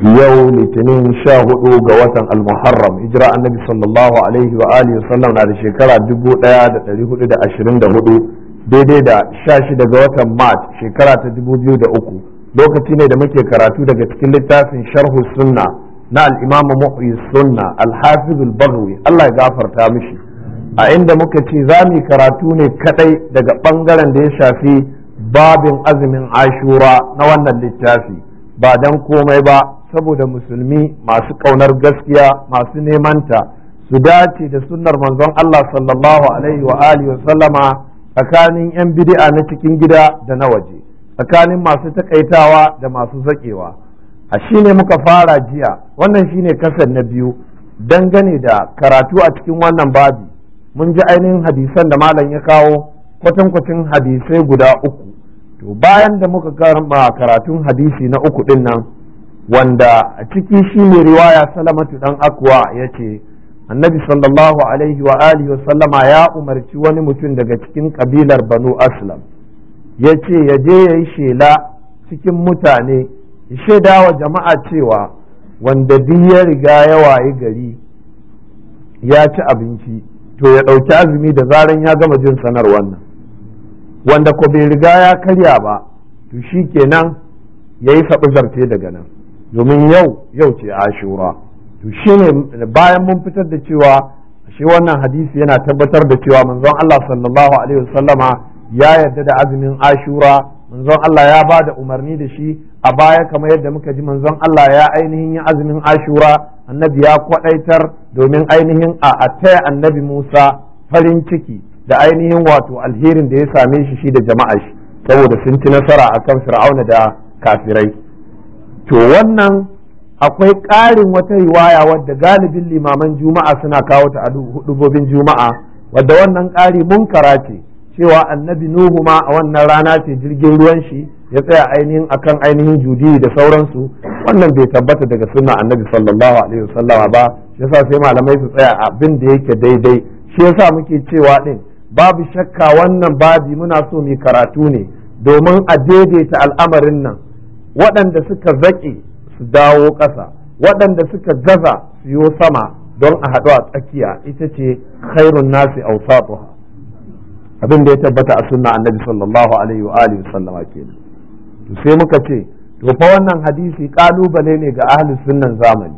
yau litinin sha hudu ga watan almuharram hijira annabi sallallahu alaihi wa alihi wasallam na da shekara dubu daya da dari hudu da ashirin da hudu daidai da sha shida ga watan mart shekara ta dubu biyu da uku lokaci ne da muke karatu daga cikin littafin sharhu sunna na al'imamu mu'ayi sunna alhafizul bagwi allah ya gafarta mishi a inda muka ce za mu karatu ne kadai daga bangaren da ya shafi babin azumin ashura na wannan littafi ba dan komai ba saboda musulmi masu kaunar gaskiya masu nemanta su dace da sunnar manzon Allah sallallahu alaihi wa alihi sallama tsakanin yan bid'a na cikin gida da na waje tsakanin masu takaitawa da masu zakewa a shine muka fara jiya wannan shine kasan na biyu dangane da karatu a cikin wannan babi mun ji ainihin hadisan da malam ya kawo kwatankwacin hadisai guda uku to bayan da muka karma karatun hadisi na uku din nan wanda a ciki shi ne riwaya salamatu dan akwa ya ce annabi sallallahu alaihi wa alihi sallama ya umarci wani mutum daga cikin kabilar banu aslam ya ce ya je ya yi shela cikin mutane ya shaida wa jama'a cewa wanda duk ya riga ya wayi gari ya ci abinci to ya ɗauki azumi da zaran ya gama jin sanar wannan wanda ko bai riga ya karya ba to shi kenan ya yi saɓi zarce daga nan domin yau yau ce ashura to shine bayan mun fitar da cewa shi wannan hadisi yana tabbatar da cewa manzon Allah sallallahu alaihi wasallama ya yarda da azumin ashura manzon Allah ya ba da umarni da shi a baya kamar yadda muka ji manzon Allah ya ainihin azumin ashura annabi ya kwadaitar domin ainihin a taya annabi Musa farin ciki da ainihin wato alherin da ya same shi shi da jama'a shi saboda sun ci nasara akan fir'auna da kafirai to wannan akwai ƙarin wata riwaya wadda galibin limaman juma'a suna kawo ta a dubobin juma'a wadda wannan ƙari munkara ce cewa annabi nuhu ma a wannan rana ce jirgin ruwan shi ya tsaya ainihin akan ainihin judi da sauransu wannan bai tabbata daga sunna annabi sallallahu alaihi wasallama ba yasa sai malamai su tsaya abin da yake daidai shi yasa muke cewa din babu shakka wannan babi muna so mu karatu ne domin a daidaita al'amarin nan waɗanda suka zaƙe su dawo ƙasa waɗanda suka gaza su yi sama don a haɗu a tsakiya ita ce khairun nasi awsatuha abin da ya tabbata a sunna annabi sallallahu alaihi wa alihi sallama kenan sai muka ce to fa wannan hadisi kalubale ne ga ahli sunnan zamani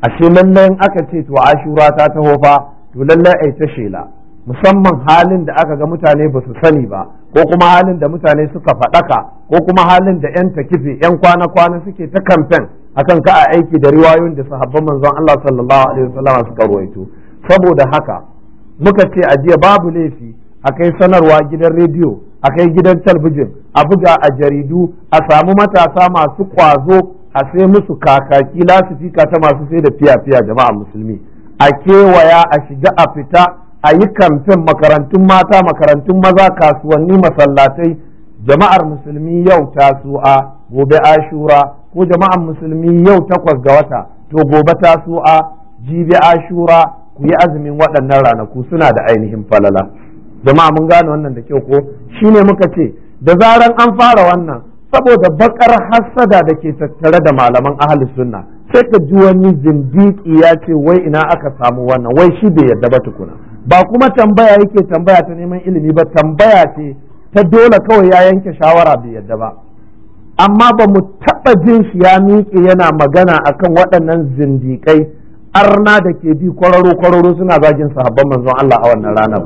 ashe lallai in aka ce to ashura ta taho fa to lallai ai ta shela musamman halin da aka ga mutane ba su sani ba ko kuma halin da mutane suka faɗaka ko kuma halin da 'yan takife 'yan kwana-kwana suke ta kamfen akan ka a aiki da riwayoyin da sahabban manzon Allah sallallahu alaihi wasallam suka rawaito saboda haka muka ce a jiya babu laifi a kai sanarwa gidan rediyo a kai gidan talbijin a buga a jaridu a samu matasa masu kwazo a sai musu kakaki lasifika ta masu sai da fiya-fiya jama'a musulmi a kewaya a shiga a fita a yi kamfen makarantun mata makarantun maza kasuwanni masallatai jama'ar musulmi yau ta su'a gobe ashura ko jama'ar musulmi yau takwas ga wata to gobe tasu'a jibi ashura ku yi azumin waɗannan ranaku suna da ainihin falala jama'a mun gane wannan da kyau ko shi ne muka ce da zaran an fara wannan saboda bakar hassada da ke tattare da malaman ahli sunna sai ka ji wani zindiki ya ce wai ina aka samu wannan wai shi bai yarda ba tukuna ba kuma tambaya yake tambaya ta neman ilimi ba tambaya ce ta dole kawai ya yanke shawara bai yadda ba amma ba mu taɓa jin shi ya miƙe yana magana akan waɗannan zindiƙai arna da ke bi kwararo kwararo suna zagin sahabban manzon Allah a wannan ranar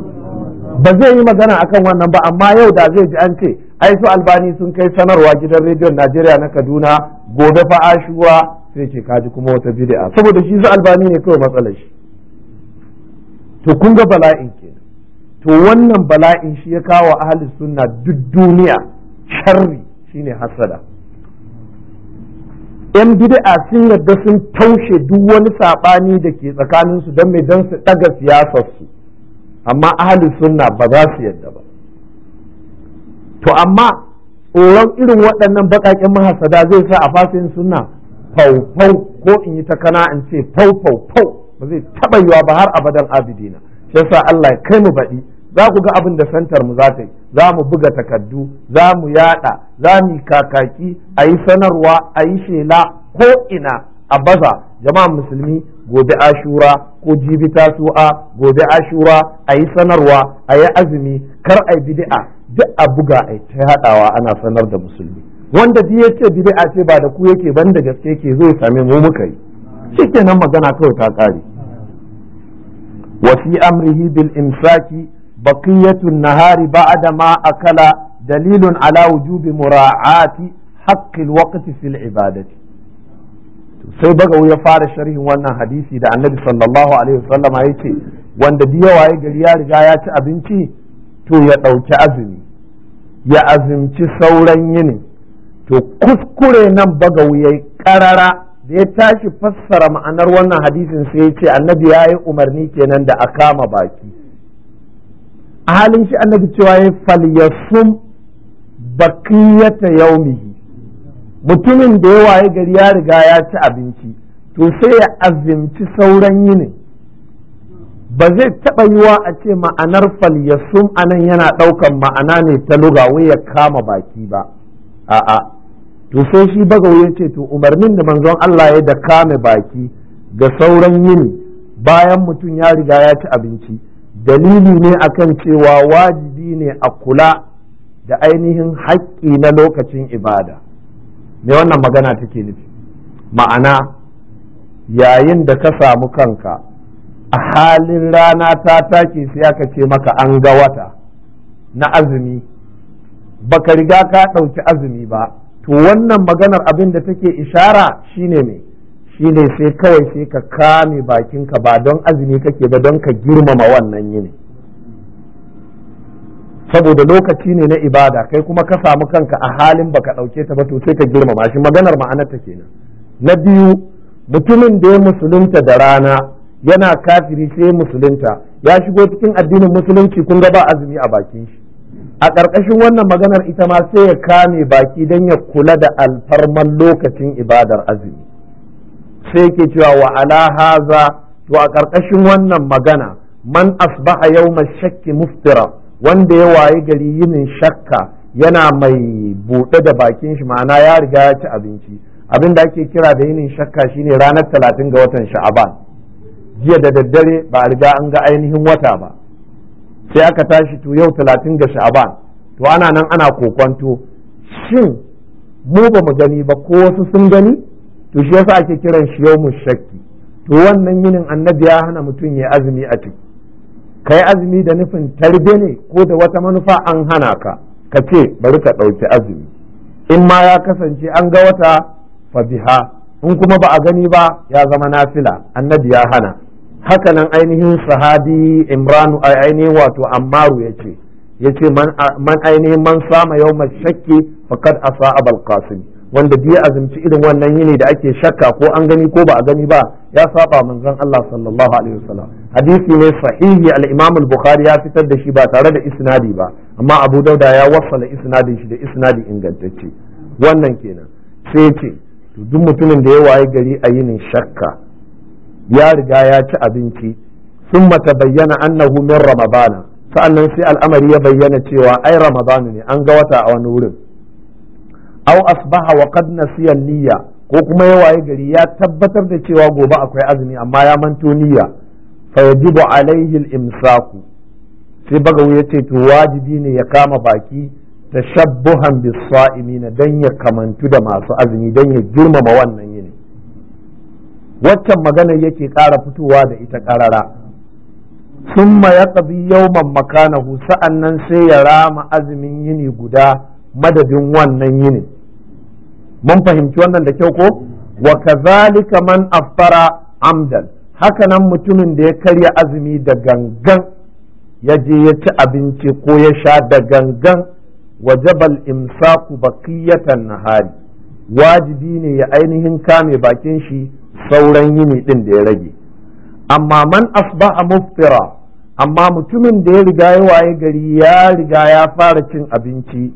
ba zai yi magana akan wannan ba amma yau da zai ji an ce ai su albani sun kai sanarwa gidan rediyon Najeriya na Kaduna gobe fa sai ce kaji kuma wata bid'a saboda shi su albani ne kawai matsalar shi to kun ga bala'in ke to wannan bala'in shi ya kawo ahli sunna duk duniya sharri shine hasada yan bid'a sun yarda sun taushe duk wani saɓani da ke tsakanin su don mai don su ɗaga siyasar su amma ahli sunna ba za su yadda ba to amma tsoron irin waɗannan baƙaƙen mahasada zai sa a fasin sunna fau fau ko in yi ta kana in ce fau fau fau ba zai taɓa yiwa ba har abadan abidina shi yasa Allah ya kai mu baɗi za ku ga abin da santar mu za ta yi za mu buga takardu za mu yaɗa za mu yi kakaki a yi sanarwa a yi shela ko ina a baza jama'an musulmi gobe ashura ko jibi tasu'a gobe ashura a yi sanarwa a yi azumi kar a yi bid'a duk a buga a ta haɗawa ana sanar da musulmi wanda duk yace bid'a ce ba da ku yake ban da gaske ke zai sami same mu muka yi shikenan magana kawai ta ƙare وفي أمره بالإمساك بقية النهار بعد ما أكل دليل على وجوب مراعاة حق الوقت في العبادة sai baga ya fara sharhin wannan hadisi da annabi sallallahu alaihi wasallama ya ce wanda biya waye gari ya riga ya ci abinci to ya ɗauki azumi ya azumci sauran yini to kuskure nan bagawu ya karara da ya tashi fassara ma'anar wannan hadisin sai ya ce annabi ya yi umarni kenan da a kama baki a halin shi annabi cewa ya falyasum bakiyata yaumihi mutumin da ya waye gari ya riga ya ci abinci to sai ya azimci sauran yini ba zai taɓa yi wa a ce ma'anar falyasum anan yana ɗaukan ma'ana ne ta luga wai ya kama baki ba a'a to sai shi bagawi ya ce to umarnin da manzon Allah ya da kame baki ga sauran yin bayan mutum ya riga ya ci abinci dalili ne akan cewa wajibi ne a kula da ainihin haƙƙi na lokacin ibada me wannan magana take nufi ma'ana yayin da ka samu kanka a halin rana ta take sai aka ce maka an ga wata na azumi baka riga ka ɗauki azumi ba to wannan maganar abin da take ishara shine ne shine sai kawai sai ka kame bakinka ba don azumi kake ba don ka girmama wannan yini saboda lokaci ne na ibada kai kuma ka samu kanka a halin baka ɗauke ta ba to sai ka girmama shi maganar ma'anarta kenan na biyu mutumin da ya musulunta da rana yana kafiri sai musulunta ya shigo cikin addinin musulunci kun ga ba azumi a bakin shi a ƙarƙashin wannan maganar ita ma sai ya kame baki don ya kula da alfarman lokacin ibadar azumi sai ke cewa wa ala haza to a ƙarƙashin wannan magana man asbaha yau shakki muftira wanda ya wayi gari yinin shakka yana mai buɗe da bakin shi ma'ana ya riga ya ci abinci abin da ake kira da yinin shakka shine ranar talatin ga watan sha'aban jiya da daddare ba a riga an ga ainihin wata ba sai aka tashi to yau talatin ga sha'aban to ana nan ana kokwanto shin mu ba mu gani ba ko wasu sun gani to shi yasa ake kiran shi yau shakki to wannan yinin annabi ya hana mutum ya azumi a ciki kai azumi da nufin tarbe ne ko da wata manufa an hana ka ka ce bari ka ɗauki azumi in ma ya kasance an ga wata fabiha in kuma ba a gani ba ya zama nafila annabi ya hana hakanan ainihin sahabi imranu ainihin wato ammaru ya ce ya ce man ainihin man sama yau shakki fakat a sa'a qasim wanda biya azumci irin wannan yini da ake shakka ko an gani ko ba a gani ba ya saba manzon Allah sallallahu alaihi wasallam hadisi ne sahihi al-Imam al ya fitar da shi ba tare da isnadi ba amma Abu Dauda ya wasala isnadin shi da isnadi ingantacce wannan kenan sai ce duk mutumin da ya waye gari a yinin shakka ya riga ya ci abinci sun mata bayyana annahu min ramadana sa'annan sai al'amari ya bayyana cewa ai ramadana ne an ga wata a wani wurin aw asbaha wa qad nasiya niyya ko kuma ya waye gari ya tabbatar da cewa gobe akwai azumi amma ya manto niyya fa yajibu alaihi al-imsaku sai bagawo ya ce to wajibi ne ya kama baki tashabbuhan bis-sa'imina dan ya kamantu da masu azumi dan ya girmama wannan waccan maganar yake ƙara fitowa da ita ƙarara summa ya ƙabi yauman makanahu sa'an nan sai ya rama azumin yini guda madadin wannan yini mun fahimci wannan da kyau ko wa kazalika man afara amdan haka nan mutumin da ya karya azumi da gangan ya je ya ci abinci ko ya sha da gangan wajabal imsaku bakiyatan nahari wajibi ne ya ainihin kame bakin shi sauran yini din da ya rage amma man a muftira amma mutumin da ya riga ya waye gari ya riga ya fara cin abinci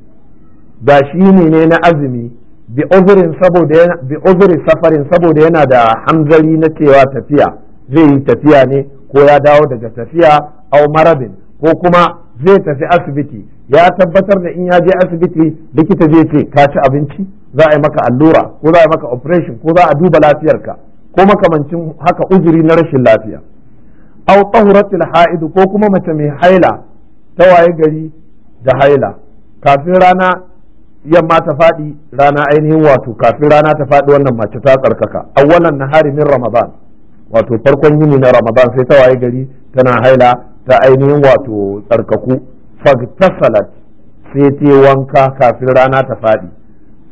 ga shi ne ne na azumi bi uzurin saboda safarin saboda yana da hanzari na cewa tafiya zai yi tafiya ne ko ya dawo daga tafiya au marabin ko kuma zai tafi asibiti ya tabbatar da in ya je asibiti likita zai ce ka ci abinci za a yi maka allura ko za a yi maka operation ko za a duba lafiyarka ko makamancin haka uzuri na rashin lafiya aw tahuratil ha'id ko kuma mace mai haila ta waye gari da haila kafin rana yamma ta faɗi rana ainihin wato kafin rana ta faɗi wannan mace ta tsarkaka awwalan nahari min ramadan wato farkon yini na ramadan sai ta waye gari tana haila ta ainihin wato tsarkaku fagtasalat sai ta wanka kafin rana ta faɗi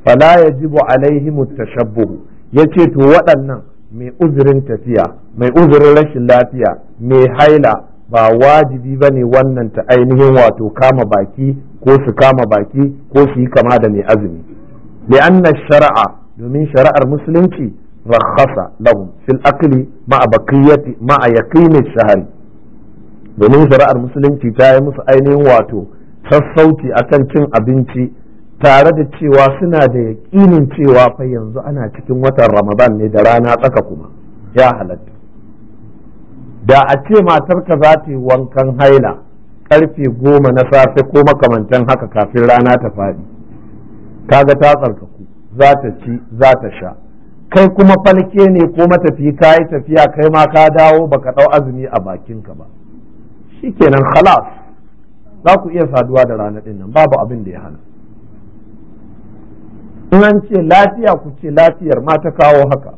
fala yajibu alaihim at-tashabbuh yace to waɗannan mai uzurin tafiya mai uzurin rashin lafiya mai haila ba wajibi ne wannan ta ainihin wato kama baki ko su kama baki ko su yi kama da mai azumi li'anna shari'a domin shari'ar musulunci rakhasa lahum fil akli ma'a baqiyati ma'a yaqini shahari domin shari'ar musulunci ta yi musu ainihin wato sassauci akan cin abinci tare da cewa suna da yaƙinin cewa fa yanzu ana cikin watan ramadan ne da rana tsaka kuma ya halatta da a ce matarka za ta yi wankan haila karfe goma na safe ko makamantan haka kafin rana ta faɗi kaga ta tsarkaku za ta ci za ta sha kai kuma falke ne ko matafi ka yi tafiya kai ma ka dawo baka ɗau azumi a bakinka ba shikenan halas za ku iya saduwa da rana ɗin nan babu abin da ya hana in an ce lafiya ku ce lafiyar ma ta kawo haka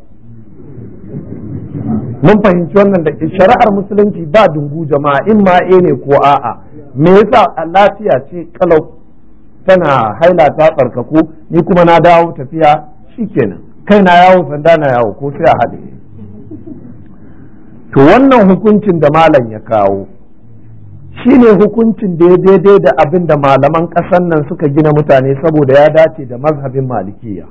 mun fahimci wannan da shari'ar musulunci ba dungu jama'a in ma e ne ko a'a me yasa lafiya ce kalau tana haila ta tsarkaku ni kuma na dawo tafiya shikenan kai na yawo sanda na yawo ko sai a haɗe to wannan hukuncin da malam ya kawo shi ne hukuncin da ya daidai da abin da malaman ƙasar nan suka gina mutane saboda ya dace da mazhabin malikiya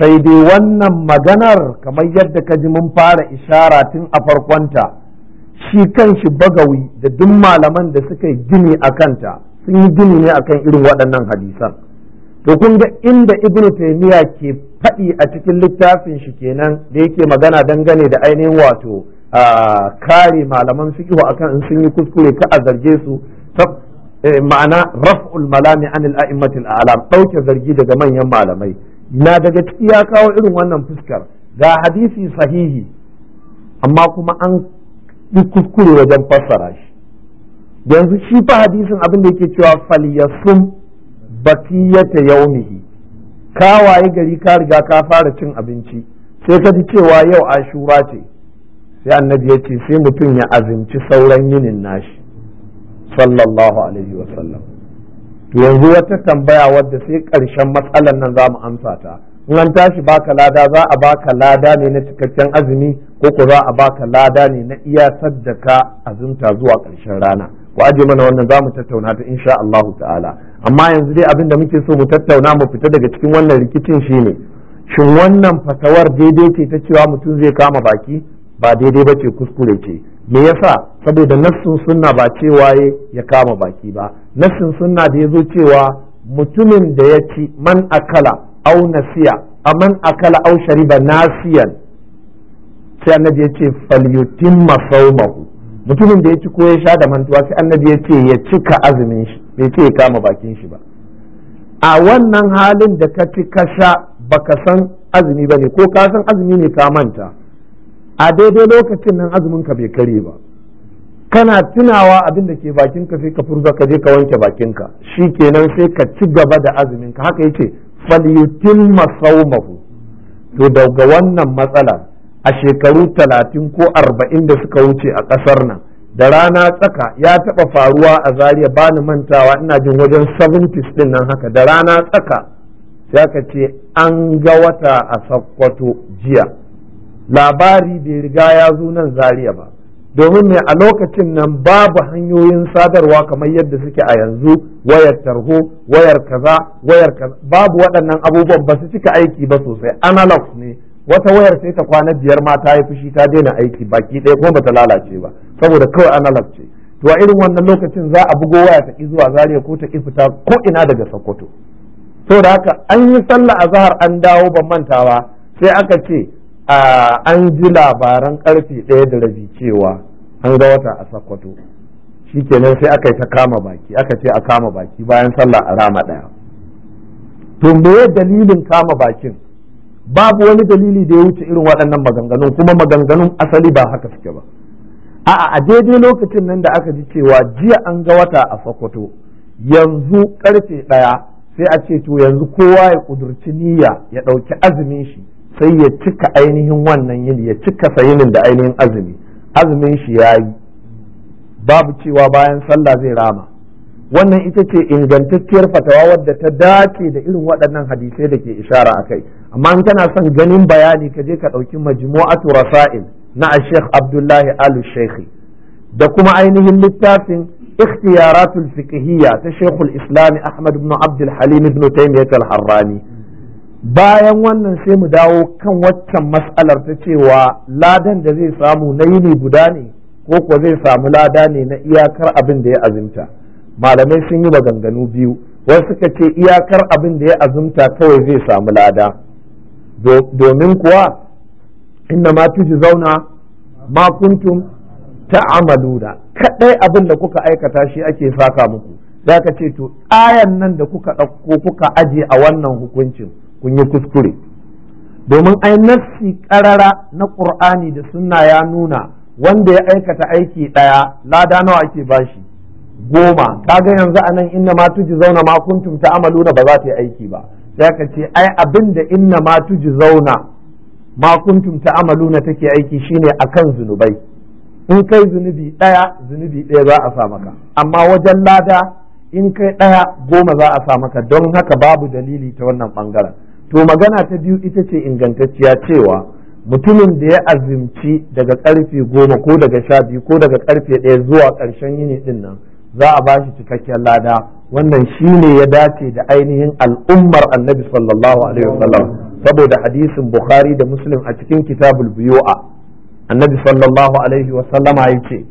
sai dai wannan maganar kamar yadda ka ji mun fara ishara tun a farkonta shi kan shi bagawi da duk malaman da suka yi gini a kanta sun yi gini ne akan irin waɗannan hadisan to kun ga inda ibn taymiya ke faɗi a cikin littafin shi kenan da yake magana dangane da ainihin wato A kare malaman fiqh akan in sun yi kuskure ka a zarge su ta eh, ma'ana raf'ul malami anil a'immatil a'lam dauke zargi daga manyan malamai na daga ciki ya kawo irin wannan fuskar ga hadisi sahihi amma kuma an yi kuskure wajen fassara shi yanzu shi fa hadisin abin da yake cewa falyasum bakiyata yaumihi ka waye gari ka riga ka fara cin abinci sai ka ji cewa yau ashura ce sai annabi ya ce sai mutum ya azinci sauran yinin nashi sallallahu alaihi wa to yanzu wata tambaya wadda sai karshen matsalar nan za mu amsa ta in an tashi baka lada za a baka lada ne na cikakken azumi ko ko za a baka lada ne na iya ka azumta zuwa ƙarshen rana ku aje mana wannan za mu tattauna ta insha Allah ta'ala amma yanzu dai abin da muke so mu tattauna mu fita daga cikin wannan rikicin shine shin wannan fatawar daidai ce ta cewa mutum zai kama baki ba daidai ba ce kuskure ce me yasa saboda nassin sunna ba cewa ya kama baki ba nassin sunna da ya zo cewa mutumin da ya ci man akala au nasiya a man akala au shariba nasiyan sai annabi ya ce falyutimma saumahu mutumin da ya ci ko ya sha da mantuwa sai annabi ya ce ya cika azumin shi bai ce ya kama bakin shi ba a wannan halin da ka ci ka sha baka san azumi bane ko ka san azumi ne ka manta a daidai lokacin nan azumin ka bai kare ba kana tunawa abin da ke bakin ka sai ka furza ka je ka wanke bakin ka shi kenan sai ka ci gaba da azumin ka haka yace falyutimma masawmahu to daga wannan matsala a shekaru talatin ko arba'in da suka wuce a ƙasar nan da rana tsaka ya taɓa faruwa a zaria ba ni mantawa ina jin wajen 70s din nan haka da rana tsaka sai ka ce an ga wata a sakkwato jiya labari bai riga ya zo nan zariya ba domin mai a lokacin nan babu hanyoyin sadarwa kamar yadda suke a yanzu wayar tarho wayar kaza wayar kaza babu waɗannan abubuwan ba su cika aiki ba sosai analog ne wata wayar sai ta kwana biyar ma ta yi fushi ta daina aiki baki ɗaya kuma bata lalace ba saboda kawai analog ce to a irin wannan lokacin za a bugo waya ta ki zuwa zariya ko ta ki fita ko ina daga sokoto saboda haka an yi sallah azahar an dawo ban mantawa sai aka ce an ji labaran karfe ɗaya da rabi cewa an ga wata a sakwato kenan sai aka yi ta kama baki aka ce a kama baki bayan sallah a rama ɗaya to me dalilin kama bakin babu wani dalili da ya wuce irin waɗannan maganganun kuma maganganun asali ba haka suke ba a'a a daidai lokacin nan da aka ji cewa jiya an ga wata a sokoto yanzu karfe ɗaya sai a ce to yanzu kowa ya ƙudurci niyya ya ɗauki azumin shi sai ya cika ainihin wannan yin ya cika sayinin da ainihin azumi azumin shi ya yi babu cewa bayan sallah zai rama wannan ita ce ingantacciyar fatawa wadda ta dace da irin waɗannan hadisai da ke ishara a kai amma in kana son ganin bayani ka je ka ɗauki majmu'atu rasa'il na ashekh abdullahi alu shekhi da kuma ainihin littafin ikhtiyaratul fiqhiyya ta shekul islami ahmad ibn abdul halim ibn taymiyyah al-harrani bayan wannan sai mu dawo kan waccan matsalar ta cewa ladan da zai samu na yini guda ne ko kuwa zai samu lada ne na iyakar abin da ya azumta malamai sun yi maganganu biyu wasu suka ce iyakar abin da ya azumta kawai zai samu lada domin kuwa inna ma tuji zauna ma kuntum da kadai abin da kuka aikata shi ake saka muku za ka ce to ayan nan da kuka ɗauko kuka aje a wannan hukuncin kun yi kuskure domin ai nassi karara na qur'ani da sunna ya nuna wanda ya aikata aiki daya lada nawa ake bashi goma kaga yanzu anan inna ma tuji zauna ma kuntum ta'maluna ba za ta yi aiki ba sai ka ce ai abinda da inna ma tuji zauna ma kuntum ta'maluna take aiki shine akan zunubai in kai zunubi daya zunubi daya za a sa maka amma wajen lada in kai daya goma za a sa maka don haka babu dalili ta wannan bangaren to magana ta biyu ita ce ingantacciya cewa mutumin da ya azimci daga karfe goma ko daga sha biyu ko daga karfe ɗaya zuwa ƙarshen yini ɗin nan za a ba shi cikakken lada wannan shine ya dace da ainihin al'ummar annabi sallallahu alaihi wasallam saboda hadisin bukhari da muslim a cikin kitabul buyu'a annabi sallallahu alaihi wasallama ya ce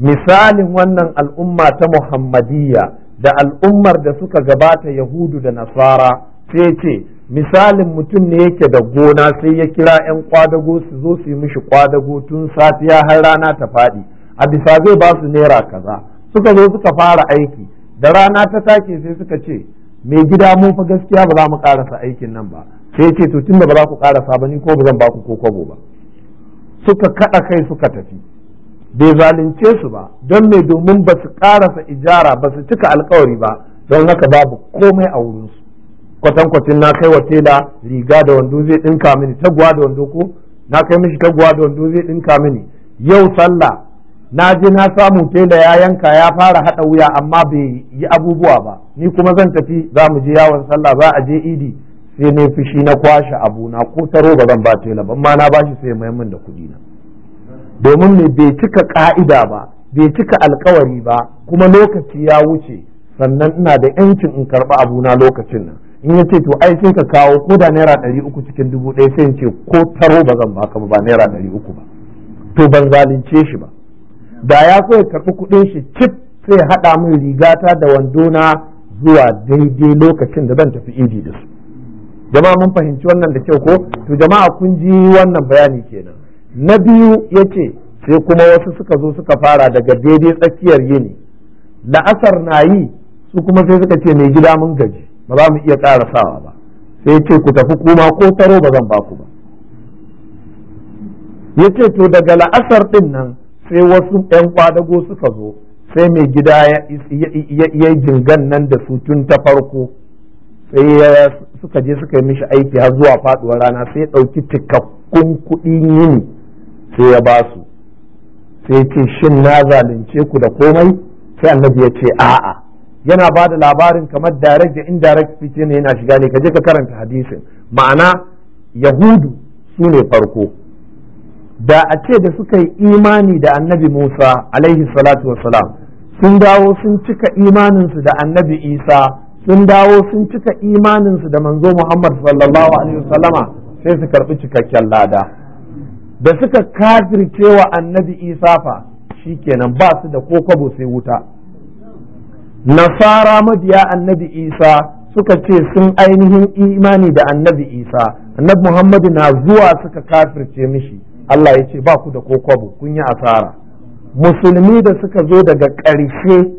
misalin wannan al'umma ta muhammadiyya da al'ummar da suka gabata yahudu da nasara sai ce misalin mutum ne yake da gona sai ya kira 'yan kwadago su zo su yi mishi kwadago tun safiya har rana ta faɗi a bisa zai ba su naira kaza suka zo suka fara aiki da rana ta take sai suka ce mai gida mun fa gaskiya ba za mu karasa aikin nan ba sai ce to tunda ba za ku karasa ba ni ko ba zan ba ku ko ba suka kada kai suka tafi bai zalunce su ba don mai domin ba su karasa ijara ba su cika alkawari ba don haka babu komai a wurinsu kwatankwacin na kai wa tela riga da wando zai ɗinka mini taguwa da wando ko na kai mishi taguwa da wando zai ɗinka mini yau sallah na je na samu tela ya yanka ya fara haɗa wuya amma bai yi abubuwa ba ni kuma zan tafi za mu je yawon sallah za a je idi sai ne fushi na kwashe abu na ko taro ba zan ba tela ba na na shi sai mai da kuɗi na domin me bai cika ka'ida ba bai cika alkawari ba kuma lokaci ya wuce sannan ina da yancin in karɓi na lokacin nan in ya ce to ai sai ka kawo ko da naira ɗari uku cikin dubu ɗaya sai ce ko taro ba zan baka ba naira ɗari uku ba to ban zalunce shi ba da ya so ya karɓi kuɗin shi cif sai haɗa min rigata da wando na zuwa daidai lokacin da zan tafi idi da su jama'a mun fahimci wannan da kyau ko to jama'a kun ji wannan bayani kenan na biyu ya ce sai kuma wasu suka zo suka fara daga daidai tsakiyar yini la'asar na yi su kuma sai suka ce mai gida mun gaji ba za mu iya ƙara sawa ba sai ce ku tafi kuma ko taro ba zan ba ku ba ya ce to daga la'asar ɗinnan nan sai wasu 'yan kwadago suka zo sai mai gida ya jingan nan da su tun ta farko sai suka je suka yi mishi aiki har zuwa faɗuwar rana sai ya ɗauki cikakkun kuɗi yini sai ya ba su sai ce shin na zalunce ku da komai sai annabi ya ce a'a yana ba da labarin kamar direct da indirect fice ne yana shiga ne kaje ka karanta hadisin ma'ana yahudu su ne farko da a ce da suka yi imani da annabi musa alaihi salatu wasalam sun dawo sun cika imaninsu da annabi isa sun dawo sun cika imaninsu da manzo muhammad sallallahu alaihi wasallama sai su karbi cikakken lada da suka kafircewa annabi isa fa shikenan ba su da ko kwabo sai wuta nasara mabiya annabi isa suka ce sun ainihin imani da annabi isa annabi muhammadu na zuwa suka kafirce mishi allah ya ce ba ku da kokobo kun yi asara musulmi da suka zo daga ƙarshe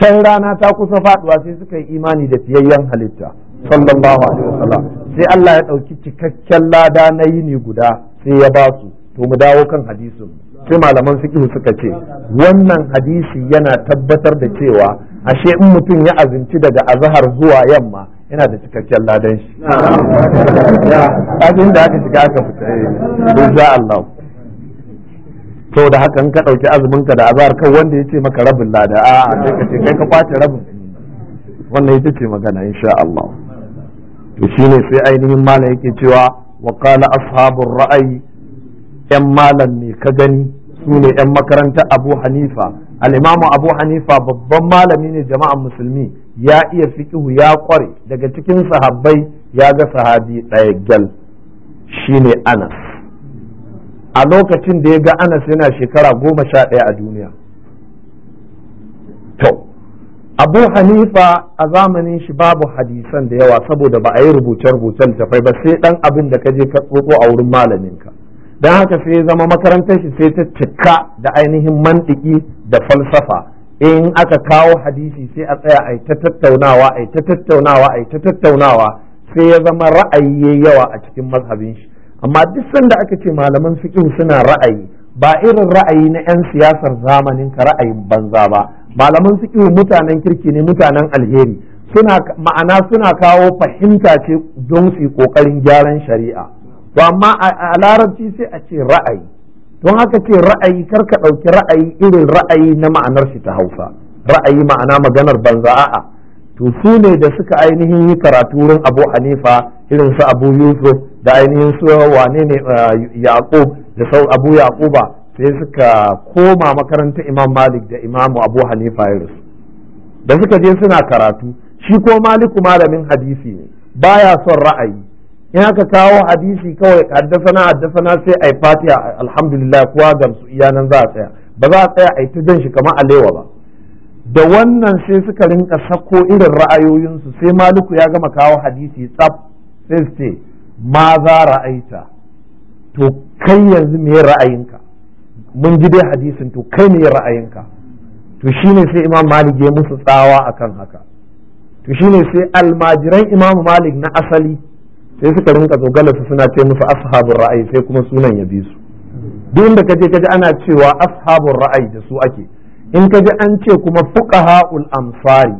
can rana ta kusa faduwa sai suka yi imani da fiyayyen halitta sallallahu alaihi wasallam sai allah ya ɗauki cikakken lada na yini guda sai ya ba su to mu dawo kan hadisin sai malaman fiqh suka ce wannan hadisi yana tabbatar da cewa ashe in mutum ya azinci daga azhar zuwa yamma yana da cikakken ladan shi abin da aka shiga aka fita eh, insha Allah to da haka in ka dauki azumin ka da azhar kan wanda yace maka rabin lada a sai ka ce kai ka kwace rabin wannan ita ce magana insha Allah to shine sai ainihin malam yake cewa wa qala ashabur ra'ayi yan malam ne ka gani su ne yan makaranta abu hanifa al'imamu abu hanifa babban malami ne jama'an musulmi ya iya fikihu ya kware daga cikin sahabbai ya ga sahabi ɗaya gyal shine anas a lokacin da ya ga anas yana shekara goma sha ɗaya a duniya to abu hanifa a zamanin shi babu hadisan da yawa saboda ba a yi rubuce-rubucen tafai ba sai ɗan abin da ka je ka tsoko a wurin malaminka don haka sai zama makarantar shi sai ta cika da ainihin mantiki da falsafa in aka kawo hadisi sai a tsaya a ta tattaunawa a ta tattaunawa a ta tattaunawa sai ya zama ra'ayi yawa a cikin mazhabin shi amma duk sanda aka ce malaman fiqh suna ra'ayi ba irin ra'ayi na 'yan siyasar zamanin ka ra'ayin banza ba malaman fiqh mutanen kirki ne mutanen alheri suna ma'ana suna kawo fahimta ce don su kokarin gyaran shari'a to amma a larabci sai a ce ra'ayi don haka ce ra'ayi kar ka ɗauki ra'ayi irin ra'ayi na ma'anar shi ta hausa ra'ayi ma'ana maganar banza a'a to su ne da suka ainihin yi karatu wurin abu hanifa irin su abu yusuf da ainihin su wane ne yaqub da sau abu yaquba sai suka koma makaranta imam malik da imamu abu hanifa irinsu da suka je suna karatu shi ko maliku malamin hadisi ne baya son ra'ayi in aka kawo hadisi kawai haddasana haddasana sai ai fatiha alhamdulillah kuwa gamsu iyanan za a tsaya ba za a tsaya ai ta jan shi kamar alewa ba da wannan sai suka rinka sako irin ra'ayoyinsu sai maluku ya gama kawo hadisi tsaf sai su ce ma za ra'aita to kai yanzu me ra'ayinka mun ji dai hadisin to kai me ra'ayinka to shine sai imam malik ya musu tsawa akan haka to shine sai almajiran imam malik na asali sai suka rinka su suna ce musu ashabun ra'ayi sai kuma sunan ya bi su duk inda kaje kaje ana cewa ashabun ra'ayi da su ake in kaje an ce kuma fuqaha'ul amsari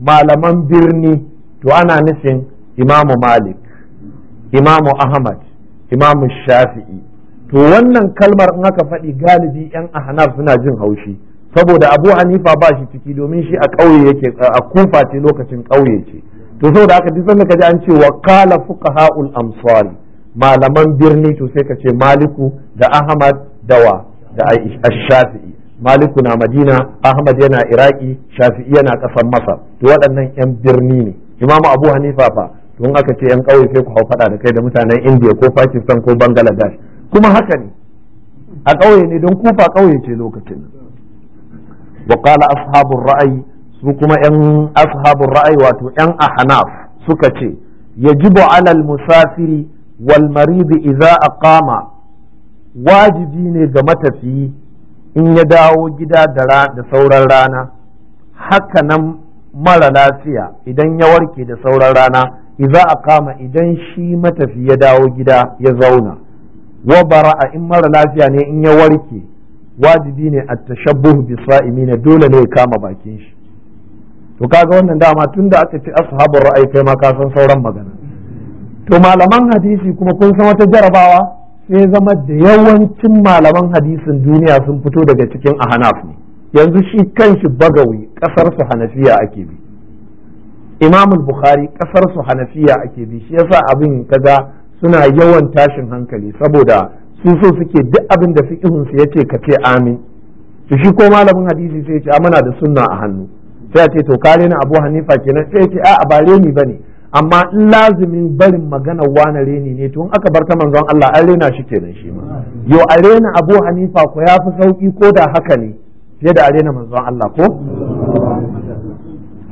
malaman birni to ana nufin imamu malik imamu ahmad imamu shafi'i to wannan kalmar in aka faɗi galibi yan ahnaf suna jin haushi saboda abu hanifa ba shi ciki domin shi a ƙauye yake a kufa ce lokacin ƙauye ce to saboda haka duk sanda kaji an ce wa qala fuqaha'ul amsal malaman birni to sai ka ce maliku da ahmad dawa da ash-shafi'i maliku na madina ahmad yana iraki shafi'i yana kasan masar to waɗannan yan birni ne imamu abu hanifa fa to in aka ce yan kauye sai ku hau faɗa da kai da mutanen indiya ko pakistan ko bangladesh kuma haka ne a kauye ne don kufa kauye ce lokacin wa qala ashabur ra'ayi su kuma yan ashabun ra'ayi wato yan ahnaf suka ce yajibu alal musafiri wal maridi idza aqama wajibi ne ga matafiyi in ya dawo gida da sauran rana haka nan mara lafiya idan ya warke da sauran rana idza aqama idan shi matafi ya dawo gida ya zauna wa bara'a in mara lafiya ne in ya warke wajibi ne at-tashabbuh bi sa'imina dole ne ya kama bakin shi to kaga wannan dama tunda aka ce ashabul ra'ayi kai ma ka san sauran magana to malaman hadisi kuma kun san wata jarabawa sai zama da yawancin malaman hadisin duniya sun fito daga cikin ahanaf ne yanzu shi kanshi bagawi kasar su hanafiya ake bi imam bukhari kasar su hanafiya ake bi shi yasa abin kaga suna yawan tashin hankali saboda su so suke duk abin da fiqhun su yace ka amin shi ko malamin hadisi sai ya ce amana da sunna a hannu sai a ce to kare ni abu hanifa kenan sai ce a ba reni ne amma in lazumin barin magana wane reni ne tun aka bar ta manzon Allah an rena shi kenan shi ma yo a rena abu hanifa ko ya fi sauki ko da haka ne fiye da a rena manzon Allah ko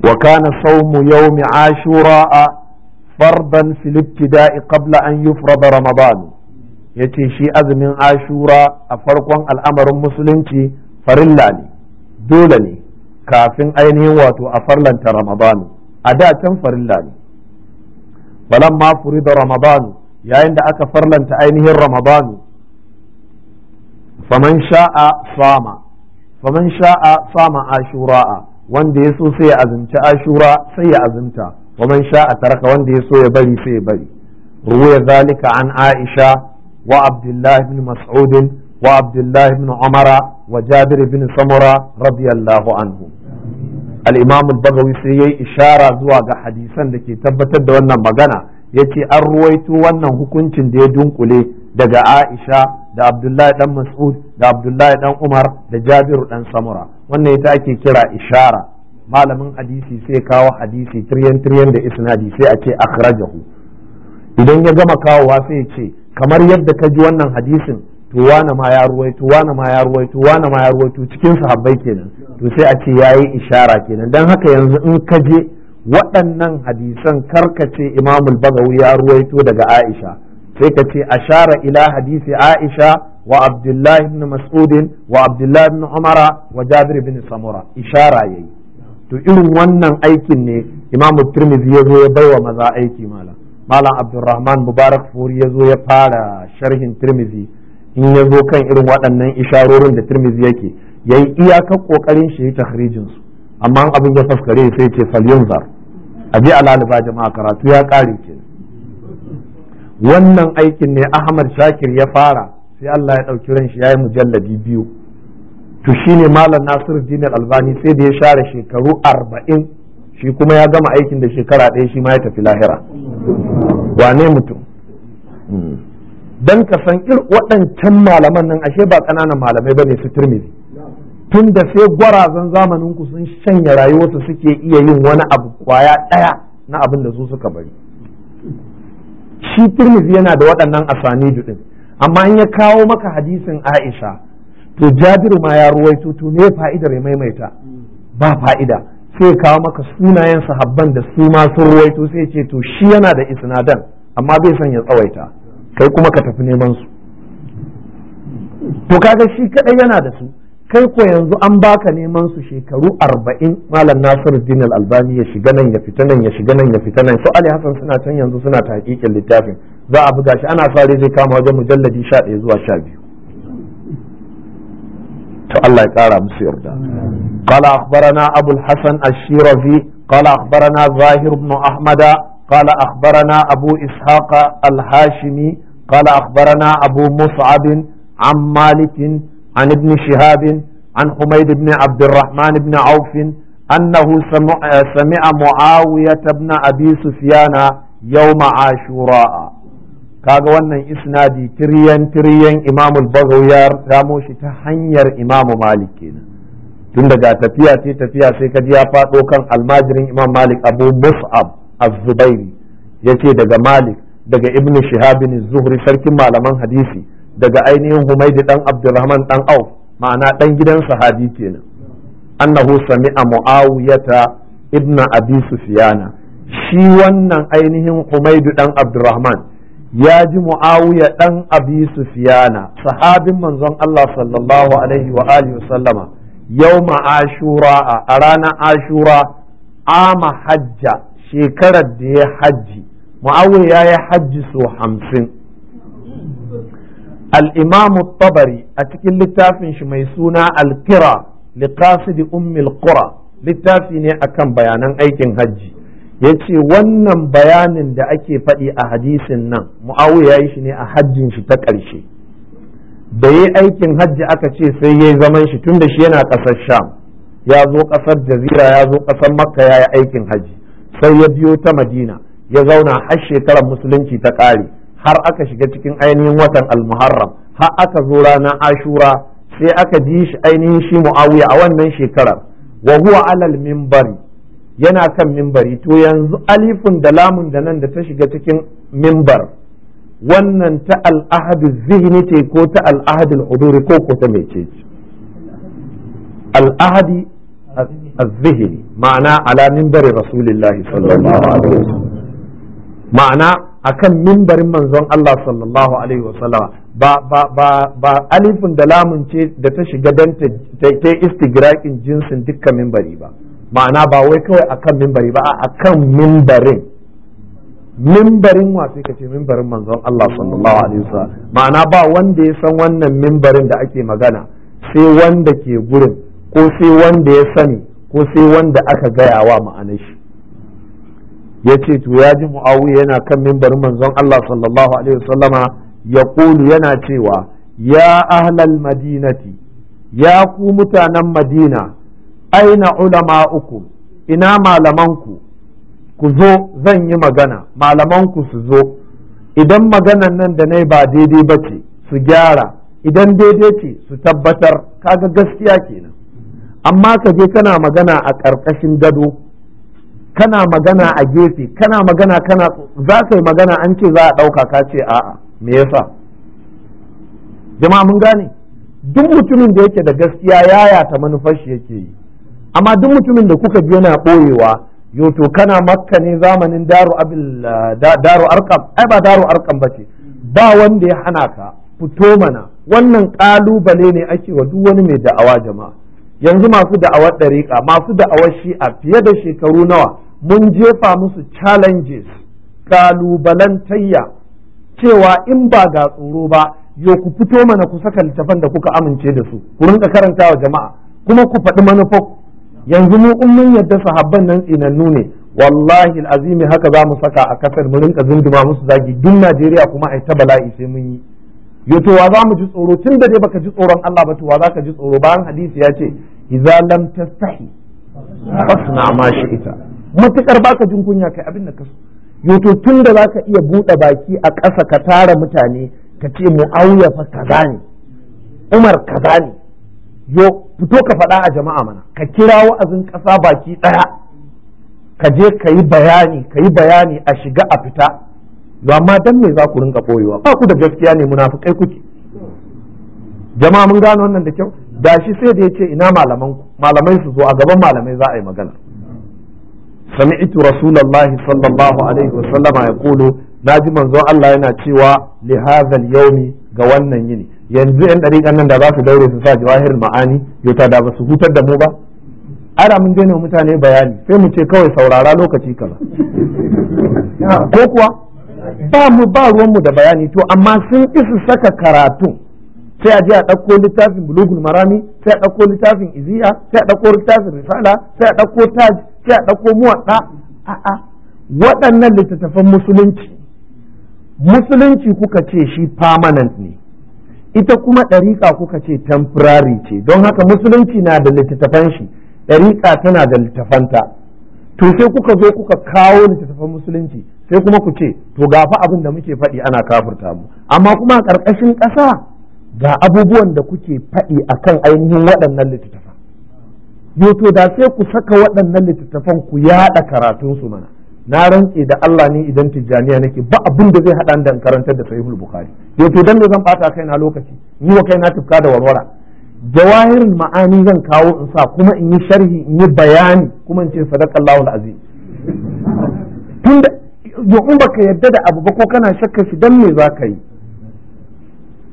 wa kana sawmu yawmi ashura fardan fil ibtida'i qabla an yufrada ramadan yace shi azumin ashura a farkon al'amarin musulunci farilla ne dole ne kafin ainihin wato a farlanta ramadanu a da can farilla ne balan ma furi da ramadanu yayin da aka farlanta ainihin ramadanu faman sha'a sama faman sha'a sama ashura'a wanda ya so sai ya azumci ashura sai ya azumta faman sha'a taraka wanda ya so ya bari sai ya bari ruwaya zalika an aisha wa abdullahi bin mas'udin wa abdullahi bin umara wa jabir bin samura radiyallahu anhu al-imam bagawi sai yayi ishara zuwa ga hadisan da ke tabbatar da wannan magana yace an ruwaito wannan hukuncin da ya dunkule daga Aisha da Abdullahi dan Mas'ud da Abdullahi dan Umar da Jabiru dan Samura wannan ita ake kira ishara malamin hadisi sai kawo hadisi tiryan tiryan da isnadi sai a ce akhrajahu idan ya gama kawowa sai ya ce kamar yadda ka ji wannan hadisin to wane ma ya ruwaito wane ma ya ruwaito ma ya ruwaito cikin sahabbai kenan to sai a ce yayi ishara kenan dan haka yanzu in ka je waɗannan hadisan karkace imamul bagawi ya ruwaito daga aisha sai ka ce ashara ila hadisi aisha wa abdullahi ibn mas'udin wa abdullahi ibn umara wa jabir ibn samura ishara yayi to irin wannan aikin ne imamu tirmidhi ya zo ya baiwa maza aiki malam malam abdurrahman mubarak furi ya zo ya fara sharhin tirmidhi in ya zo kan irin waɗannan isharorin da tirmidhi yake yayi iyakar kokarin shi ta su amma abin ya faskare sai ce a abi alaliba jama'a karatu ya kare kenan wannan aikin ne Ahmad Shakir ya fara sai Allah ya ɗauki ran shi yi mujalladi biyu to shi ne Malam Nasiru Dinar Albani sai da ya share shekaru arba'in shi kuma ya gama aikin da shekara ɗaya shi ma ya tafi lahira wane mutum hmm. dan ka san irin waɗancan malaman nan ashe ba ƙananan malamai ba ne su turmizi tun da sai gwarazan zamanin ku sun shanya rayuwarsu suke iya yin wani abu kwaya ɗaya na abin da su suka bari shi tirmidhi yana da waɗannan asanidu din amma in ya kawo maka hadisin aisha to jabiru ma ya ruwaito to me fa'idar ya maimaita ba fa'ida sai kawo maka sunayen sahabban da su ma sun ruwaito sai ce to shi yana da isnadan amma bai son ya tsawaita kai kuma ka tafi neman su to kaga shi kadai yana da su kai ko yanzu an baka neman su shekaru arba'in malam Nasiru, al-albani ya shiga nan ya fita nan ya shiga nan ya fita nan su ali hassan suna can yanzu suna ta hakikin littafin za a buga shi ana fare zai kama wajen mujalladi sha zuwa sha biyu to Allah ya kara musu yarda qala akhbarana abu al-hasan ash-shirazi qala akhbarana zahir ibn ahmada qala akhbarana abu ishaqa al-hashimi qala akhbarana abu mus'ab an malikin عن ابن شهاب عن حميد بن عبد الرحمن بن عوف أنه سمع معاوية بن أبي سفيان يوم عاشوراء kaga wannan isnadi tiriyan tiriyan imamul bagawi ya shi ta hanyar imamu malik kenan tun daga tafiya ce tafiya sai kaji ya fado kan almajirin imam malik abu mus'ab az-zubairi yace daga malik daga ibn bin zuhri sarkin malaman hadisi daga ainihin humaidi dan abdurrahman dan auf ma'ana dan gidan sahabi kenan annahu sami'a muawiyata ibna abi sufyana shi wannan ainihin humaidu dan abdurrahman ya ji muawiya dan abi sufyana sahabin manzon Allah sallallahu alaihi wa alihi wa sallama yawma ashura a ranar ashura ama hajja shekarar da ya hajji muawiya ya yi hajji so hamsin al-imam a cikin littafin shi mai suna al-kira liqasidi ummil littafi ne kan bayanan aikin hajji ya ce wannan bayanin da ake faɗi a hadisin nan mu'awiya ya yi shi ne a hajjin shi ta ƙarshe da yi aikin hajji aka ce sai ya yi zaman shi tun da shi yana ƙasar sham ya zo ƙasar jazira ya zo ƙasar makka ya yi aikin hajji sai ya biyo ta madina ya zauna har shekarar musulunci ta ƙare har aka shiga cikin ainihin watan almuharram har aka zo ranar ashura sai aka ji shi ainihin shi muawiya a wannan shekarar wa huwa alal mimbari yana kan mimbari to yanzu alifun da lamun da nan da ta shiga cikin mimbar wannan ta al'ahadu zihni ce ko ta al'ahadul uduri ko ko ta mece ce al'ahadi az-zihni ma'ana ala mimbari rasulillahi sallallahu alaihi wasallam ma'ana akan mimbarin manzon Allah sallallahu alaihi wasallama ba ba ba ba alifin da lamun da ta shiga dan ta ta jinsin dukkan mimbari ba ma'ana ba wai kawai akan mimbari ba a kan mimbarin mimbarin wasu kace mimbarin manzon Allah sallallahu alaihi wasallama ma'ana ba wanda ya san wannan mimbarin da ake magana sai wanda ke gurin ko sai wanda ya sani ko sai wanda aka gaya wa ma'anar shi ya ce to ya ji mu'awiya yana kan mimbarin manzon Allah sallallahu alaihi wasallama ya kulu yana cewa ya ahlal madinati ya ku mutanen madina aina ulama uku ina malamanku ku zo zan yi magana malamanku su zo idan maganan nan da nai ba daidai ba ce su gyara idan daidai ce su tabbatar kaga gaskiya kenan amma ka je kana magana a ƙarƙashin gado kana magana a gefe kana magana kana za ka yi magana an ce za a ɗauka ka ce a'a me yasa jama'a mun gane duk mutumin da yake da gaskiya ya yata manufar shi yake yi amma duk mutumin da kuka ji yana ɓoyewa yoto kana makka ne zamanin daru abin daru arkam ai ba daru arkam ba ce ba wanda ya hana ka fito mana wannan kalubale ne ake wa duk wani mai da'awa jama'a yanzu masu da'awar ɗariƙa masu da'awar shi'a fiye da shekaru nawa mun jefa musu challenges kalubalantayya cewa in ba ga tsoro ba yo ku fito mana ku saka littafan da kuka amince da su ku rinka karanta wa jama'a kuma ku faɗi manufar yanzu mu in mun yadda sahabban nan tsinannu ne wallahi azimi haka za mu saka a kasar mu rinka zunduma musu zagi duk Najeriya kuma ai ta bala'i sai mun yi to wa za mu ji tsoro tun da dai baka ji tsoron Allah ba to wa za ka ji tsoro bayan hadisi ya ce idza lam tastahi fasna ma shi'ita matukar baka jin kunya kai abin da ka yoto tun da za ka iya buɗe baki a ƙasa ka tara mutane ka ce mu'awiya fa kaza ne umar kaza ne yo fito ka faɗa a jama'a mana ka kira wa'azin ƙasa baki ɗaya ka je ka yi bayani ka yi bayani a shiga a fita yo amma dan me za ku rinka boyewa ba ku da gaskiya ne munafukai kuke jama'a mun gano wannan da kyau da shi sai da ya ce ina malaman malamai su zo a gaban malamai za a yi magana سمعت رسول الله صلى الله عليه وسلم يقول ناجي منزو الله yana cewa lihazal اليوم ga wannan yini yanzu yan dariƙan nan da za su daure su sa jawahir ma'ani yota da ba su hutar da mu ba ara mun daina mutane bayani sai mu ce kawai saurara lokaci kaza ko kuwa ba mu ba ruwan mu da bayani to amma sun isu saka karatu sai a je a ɗauko littafin bulugul marami sai a ɗauko littafin iziya sai a ɗauko littafin risala sai a ɗauko taj sai a ɗauko muwaɗa a'a waɗannan littattafan musulunci musulunci kuka ce shi permanent ne ita kuma ɗariƙa kuka ce temporary ce don haka musulunci na da littattafan shi ɗariƙa tana da littattafanta to sai kuka zo kuka kawo littattafan musulunci sai kuma ku ce to ga fa abin da muke faɗi ana kafurta mu amma kuma ƙarƙashin ƙasa ga abubuwan da kuke faɗi akan ainihin waɗannan littattafan to da sai ku saka waɗannan littattafan ku yaɗa karatunsu mana na rantse da Allah ne idan tijjaniya nake ba abin da zai haɗa da karantar da sahihul bukhari to dan da zan bata na lokaci ni wa kaina tufka da warwara jawahirul ma'ani zan kawo in sa kuma in yi sharhi in yi bayani kuma in ce sadaqallahu alazim tunda yo in baka yadda da abu ba ko kana shakka shi dan me zaka yi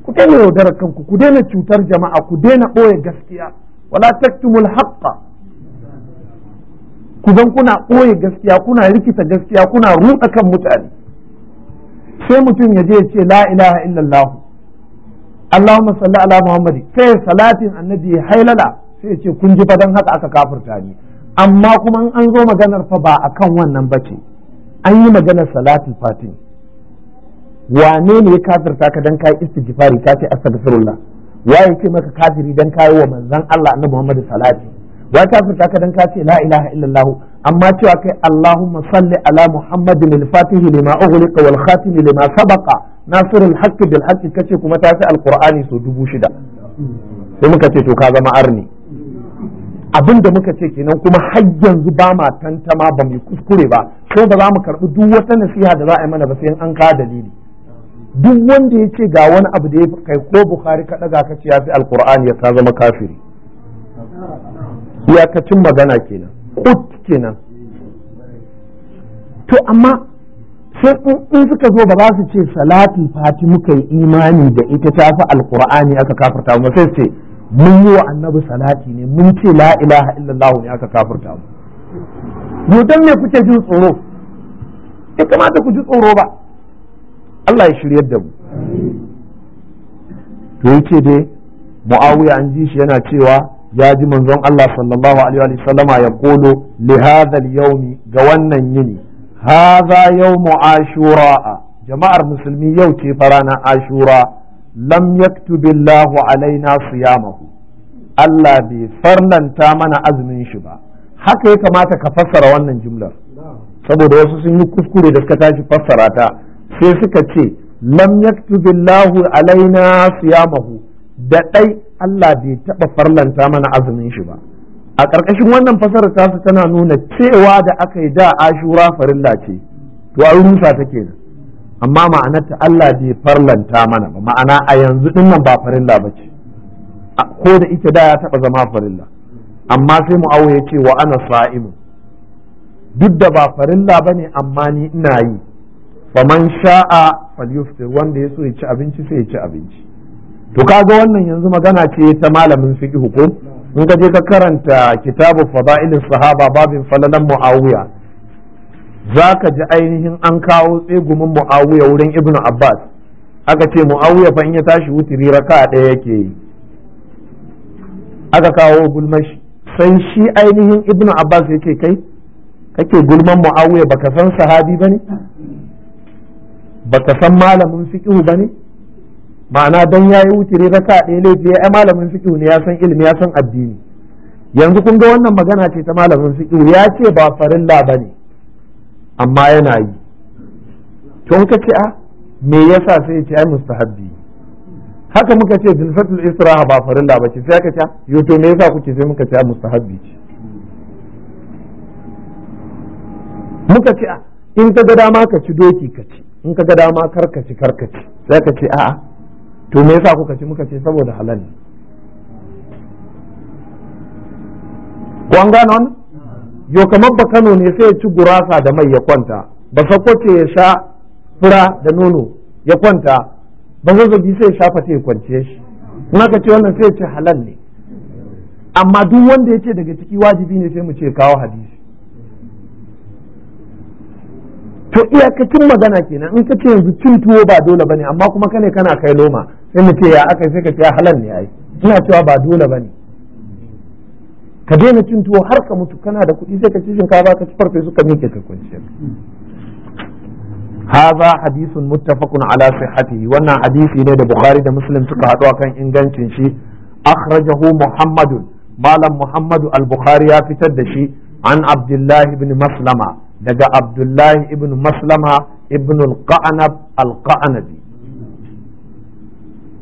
ku daina yaudarar kanku ku daina cutar jama'a ku daina ɓoye gaskiya wala taktumul haqqa ku zan kuna ɓoye gaskiya kuna rikita gaskiya kuna ruɗa kan mutane sai mutum ya je ce la ilaha illallah Allahumma salli ala Muhammad sai salatin annabi ya hailala sai ya ce kun ji fa haka aka kafirta ni amma kuma in an zo maganar fa ba akan wannan bace an yi maganar salati fatin wane ne ya kafirta ka dan kai istighfari ka ce astaghfirullah waye ce maka kafiri dan kayi wa manzon Allah annabi Muhammad salati wa kafirta ka dan ka ce la ilaha illallah amma cewa kai Allahumma salli ala Muhammadin al-fatih lima ughliqa wal khatim lima sabaqa nasirul haqq bil haqq kace kuma ta sai alqur'ani so dubu shida sai muka ce to ka zama arni abin da muka ce kenan kuma har yanzu ba ma tantama ba mu kuskure ba sai ba za mu karbi duk wata nasiha da za a yi mana ba sai an ka dalili duk wanda ya ce ga wani abu da ya kai ko bukhari ka ɗaga ka ce ya fi alkur'ani ya ta zama kafiri iyakacin magana kenan kut kenan to amma sai in suka zo ba za su ce salati fati muka yi imani da ita ta fi alkur'ani aka kafirta mu sai ce mun yi wa annabi salati ne mun ce la ilaha illallah ne aka kafirta mu yau don me kuke jin tsoro ya kamata ku ji tsoro ba Allah ya shiryar da mu to yace dai muawiya an ji shi yana cewa ya ji manzon Allah sallallahu alaihi wa sallama ya kolo li hadha al ga wannan yini hadha yawmu ashura jama'ar musulmi yau ce farana ashura lam yaktubillahu alaina siyamahu Allah bai farnanta mana azumin shi ba haka ya kamata ka fassara wannan jumlar saboda wasu sun yi kuskure da suka tashi fassara ta sai suka ce lam yaktubillahu alaina siyamahu da dai Allah bai taba farlanta mana azumin shi ba a ƙarƙashin wannan fasarar tasu tana nuna cewa da aka yi da ashura farilla ce to a rusa take amma ma'anarta Allah bai farlanta mana ba ma'ana a yanzu din nan ba farilla ba ce ko da ita da ya taba zama farilla amma sai mu auye ce wa ana sa'imu duk da ba farilla bane amma ni ina yi wa man sha'a falyuftir wanda ya so ya ci abinci sai ya ci abinci to kaga wannan yanzu magana ce ta malamin fiqh ko in ka je ka karanta kitabu fada'ilin sahaba babin falalan muawiya zaka ji ainihin an kawo tsegumin muawiya wurin ibnu abbas aka ce muawiya fa in ya tashi wutiri raka ɗaya yake yi aka kawo gulmash sai shi ainihin ibnu abbas yake kai kake gulman muawiya baka san sahabi bane baka san malamin fiqhu bane ma'ana dan yayi ne raka ɗaya laifi ya malamin fiqhu ne ya san ilimi ya san addini yanzu kun ga wannan magana ce ta malamin fiqhu ya ce ba farilla bane amma yana yi to ka ce a ah, me yasa sai ya ce ai mustahabbi haka muka ce jilfatul israha ba farilla bace sai aka ce yo to me yasa kuke sai muka ce a mustahabbi ce muka ce ah, in ka ga dama ka ci doki ka ci in ka ga dama karkaci karkaci sai ka ce a'a to me yasa kuka ci muka ce saboda halal ne ko an gano wannan yo kamar ba Kano ne sai ya ci gurasa da mai ya kwanta ba sakwace ya sha fura da nono ya kwanta ba zazzabi sai ya shafa sai ya kwance shi in aka ce wannan sai ya ce halal ne amma duk wanda ya ce daga ciki wajibi ne sai mu ce kawo hadisi to iyakacin magana kenan in kace yanzu cin tuwo ba dole bane amma kuma kane kana kai loma sai mu ce ya akai sai ka ce halal ne ai ina cewa ba dole bane ka daina cin tuwo har ka mutu kana da kuɗi sai ka ci shinkafa ka ci farfesu ka miƙe ka kwanciyar هذا hadisin muttafaqun ala صحته wannan hadisi ne da Bukhari da Muslim suka hadu akan ingancin shi akhrajahu muhammadun malam muhammadu al-Bukhari ya fitar da shi an abdullahi ibn Maslama daga abdullahi ibn maslama ibn al-qa'anab al-qa'anabi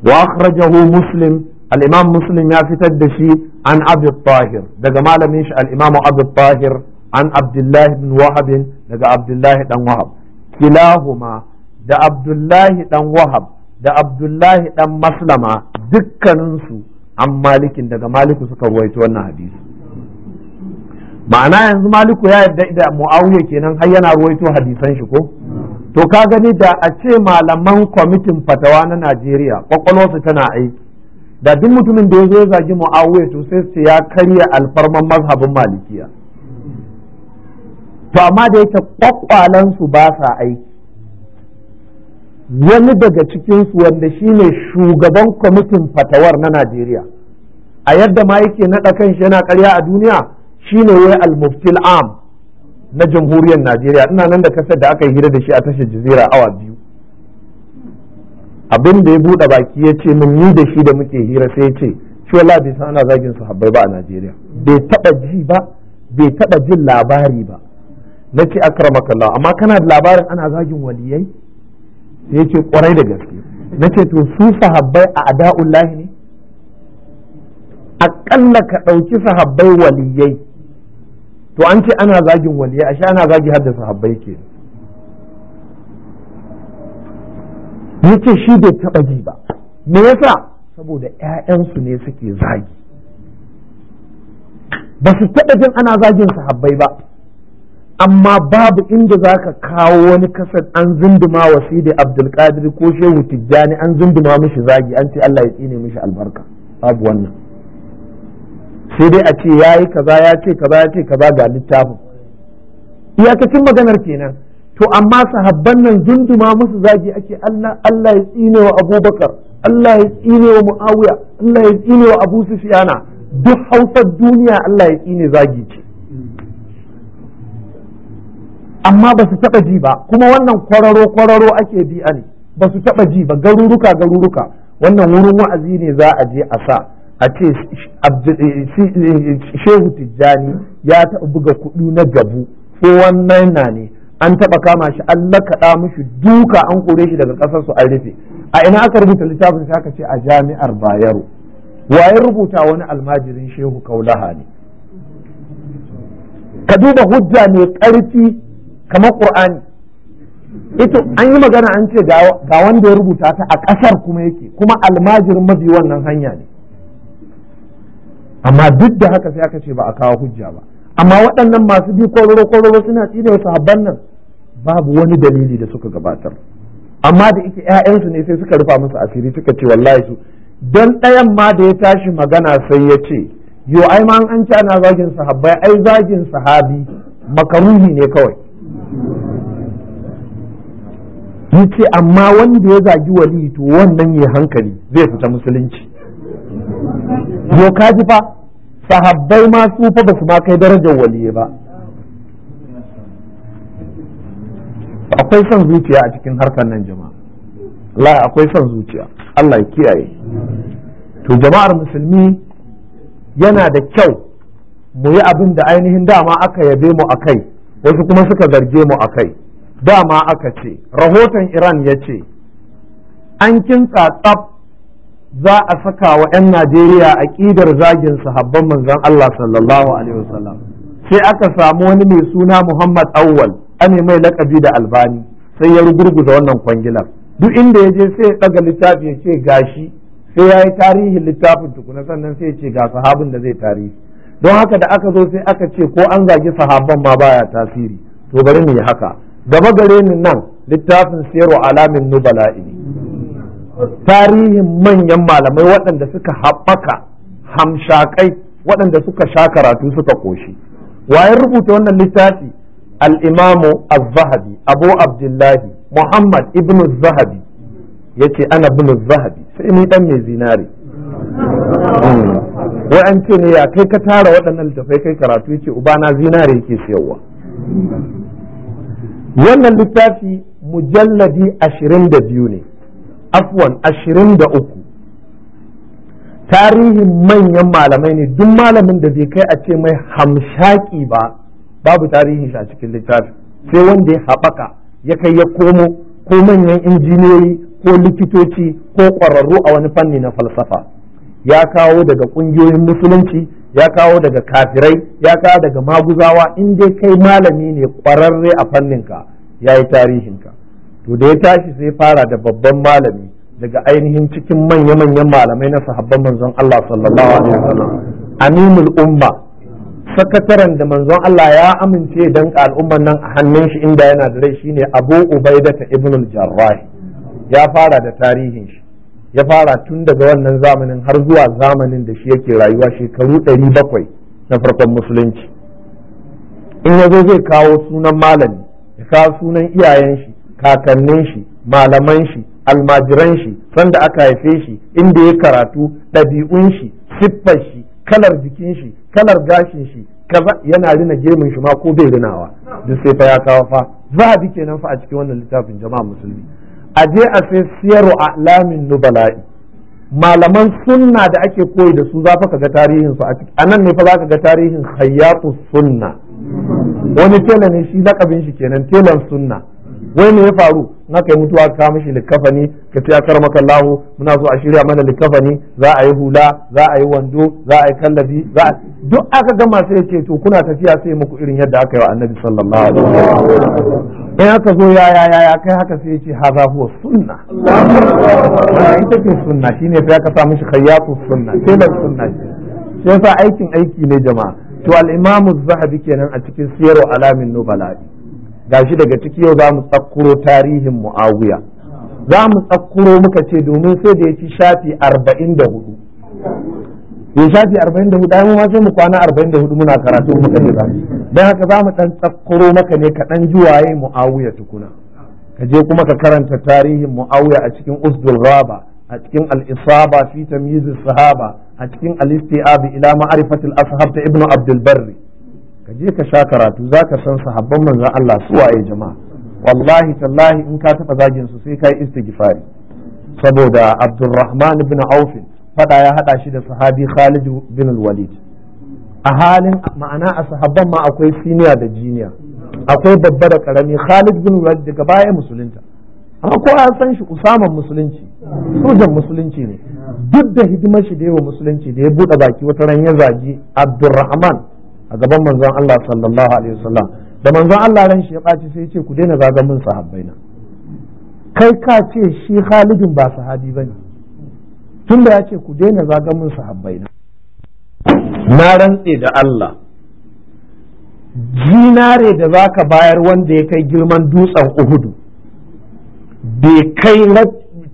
wa akhrajahu muslim al-imam muslim ya fitar da shi an abi tahir daga malamin shi al-imam abi tahir an abdullahi ibn wahab daga abdullahi dan wahab kilahuma da abdullahi dan wahab da abdullahi dan maslama dukkaninsu an malikin daga maliku suka ruwaito wannan hadisi ma'ana yanzu maliku ya yarda da mu'awiya kenan har yana ruwaito hadisan shi ko to ka gani da a ce malaman kwamitin fatawa na najeriya kwakwalwarsu tana aiki da duk mutumin da ya zo ya zagi mu'awiya to sai su ya karya alfarman mazhabin malikiya to amma da yake kwakwalansu ba sa aiki wani daga cikinsu wanda shine shugaban kwamitin fatawar na najeriya a yadda ma yake naɗa kanshi yana karya a duniya shine wai al-muftil na jamhuriyar Najeriya ina nan da kasar da aka yi hira da shi a tashar jazira awa biyu abin da ya buɗe baki ya ce mun ni da shi da muke hira sai ya ce shi wallahi bai san ana zagin sahabbai ba a Najeriya bai taba ji ba bai taba jin labari ba na ce akramakallah amma kana da labarin ana zagin waliyai sai ya ce kwarai da gaske na ce to su sahabbai a ada'ullahi ne aƙalla ka ɗauki sahabbai waliyai to an ce ana zagin ya ashe ana zagi da sahabbai ke yace shi bai taba ji ba me yasa saboda ƴaƴansu ne suke zagi ba su taɓa jin ana zagin sahabbai ba amma babu inda za ka kawo wani kasar an zinduma wa sidi abdulkadir ko shehu tijjani an zinduma mishi zagi an ce allah ya tsine mishi albarka babu wannan sai dai a ce ya yi kaza ya ce kaza ya ce kaza ga littafin iyakacin maganar kenan to amma sahabban nan zunduma musu zagi ake Allah ya tsine wa Abubakar Allah ya tsine wa Muawiya Allah ya tsine wa Abu Sufyana duk hausar duniya Allah ya tsine zagi ce amma ba su taɓa ji ba kuma wannan kwararo kwararo ake bi ne ba su taɓa ji ba garuruka garuruka wannan wurin wa'azi ne za a je a sa a ce eh, eh, shehu tijjani ya taɓa buga kuɗi na gabu tsohon na ne an taɓa kama shi an lakaɗa mushi duka an kore shi daga ƙasarsu an rufe a ina aka rubuta littafin sai aka ce a jami'ar bayero waye rubuta wani almajirin shehu kaulaha ne ka duba hujja mai ƙarfi kamar ƙur'ani ito an yi magana an ce ga wanda ya rubuta ta a ƙasar kuma yake kuma almajirin mabi wannan hanya ne amma duk da haka sai aka ce ba a kawo hujja ba amma waɗannan masu bi kororo kororo suna tsine wasu habban nan babu wani dalili da suka gabatar amma da ita ƴaƴansu ne sai suka rufa masu asiri suka ce wallahi su don ɗayan ma da ya tashi magana sai ya ce yo ai ma an ci ana zagin sahabbai ai zagin sahabi makaruhi ne kawai yace amma wanda ya zagi wali to wannan ya hankali zai fita musulunci yo ka ji fa sahabbai ma su fa ba su ma kai darajar waliye ba akwai son zuciya a cikin harkar nan jama'a la akwai son zuciya Allah ya kiyaye to jama'ar musulmi yana da kyau mu yi abin da ainihin dama aka yabe mu akai wasu kuma suka zarge mu a kai dama aka ce rahoton iran ya ce an kintsa tsaf za a saka wa 'yan Najeriya a ƙidar zagin sahabban manzon Allah sallallahu alaihi wasallam sai aka samu wani mai suna Muhammad Awwal ane mai lakabi da Albani sai ya rugurguza wannan kwangilar duk inda ya je sai ya tsaga littafi ya ce gashi sai ya yi tarihin littafin tukuna sannan sai ya ce ga sahabin da zai tarihi don haka da aka zo sai aka ce ko an zagi sahabban ma baya tasiri to bari mu yi haka gaba gare ni nan littafin siyarwa alamin nubala'i tarihin manyan malamai waɗanda suka haɓaka hamshakai waɗanda suka sha karatu suka ƙoshi wayan rubuta wannan littafi al'imamu al zahabi abu abdullahi muhammad ibn zahabi ya ce ana bin zahabi sai ni ɗan mai zinare hmm. wa'an ce ne ya kai ka tara waɗannan littafai kai karatu ya ce ubana zinare yake siyarwa wannan littafi mujalladi ashirin da biyu ne afwan ashirin da uku tarihin manyan malamai ne duk malamin da zai kai a ce mai hamshaki ba babu tarihin shi a cikin littafi sai wanda ya haɓaka ya kai ya komo ko manyan injiniyoyi ko likitoci ko ƙwararru a wani fanni na falsafa ya kawo daga ƙungiyoyin musulunci ya kawo daga kafirai ya kawo daga maguzawa in dai kai malami ne ƙwararre a fanninka ya yi tarihinka to da ya tashi sai fara da babban malami daga ainihin cikin manya-manyan malamai na sahabban manzon Allah sallallahu alaihi wasallam aminul umma sakataren da manzon Allah ya amince dan al'umman nan a hannun shi inda yana da rai shine Abu Ubaidata ibn al-Jarrah ya fara da tarihin shi ya fara tun daga wannan zamanin har zuwa zamanin da shi yake rayuwa shekaru 700 na farkon musulunci in yazo zai kawo sunan malami ya kawo sunan iyayen shi kakannin shi malaman shi almajiran shi sanda aka haife shi inda ya karatu ɗabi'un shi siffar shi kalar jikin shi kalar gashin shi kaza yana rina gemun shi ma ko bai rinawa duk sai fa ya kawo fa zahabi kenan fa a cikin wannan littafin jama'a musulmi a je a sai siyaru a'lamin nubala'i malaman sunna da ake koyi da su za fa ga tarihin su a nan ne fa za ka ga tarihin hayatu sunna wani tela ne shi lakabin shi kenan telan sunna wai me ya faru na kai mutuwa ka mishi likafani ka ce akar makallahu muna so a shirya mana likafani za a yi hula za a yi wando za a yi kallafi za a duk aka gama sai ya ce to kuna tafiya sai muku irin yadda aka yi wa annabi sallallahu alaihi wasallam in aka zo ya ya ya kai haka sai ya ce haza huwa sunna ita ce sunna shine sai aka sa mishi khayyatu sunna kelan sunna shi yasa aikin aiki ne jama'a to al-imamu zahabi kenan a cikin siyarwa alamin nubalai. gashi daga ciki yau za mu tsakkuro tarihin mu'awiya za mu tsakkuro muka ce domin sai da ya ci shafi arba'in da hudu ya shafi arba'in da hudu mu ma sai mu kwana arba'in da hudu muna karatu muka ce ba don haka za mu ɗan tsakkuro maka ne ka ɗan juwaye mu'awiya tukuna ka je kuma ka karanta tarihin mu'awiya a cikin usdul raba a cikin al-isaba fi tamyiz sahaba a cikin al istiabi ila ma'rifat al-ashab ta ibnu abdul barri ka je ka sha karatu za ka san sahabban manzan Allah su waye jama'a wallahi tallahi in ka taɓa zagin su sai kai istighfari saboda Abdulrahman ibn Auf fada ya hada shi da sahabi Khalid bin Walid a halin ma'ana a sahabban ma akwai siniya da jiniya akwai babba da karami Khalid bin Walid daga baya musulunta amma ko an san shi usaman musulunci sojan musulunci ne duk da hidimar shi da yawa musulunci da ya buɗe baki wata ran ya zagi abdurrahman a gaban manzon Allah sallallahu alaihi wasallam da manzon Allah ran shi ya ɓaci sai ya ce ku daina zagan mun sahabbai na kai ka ce shi Khalidin ba sahabi bane da ya ce ku daina zagan mun sahabbai na na rantse da Allah zinare da za ka bayar wanda ya kai girman dutsen uhudu bai kai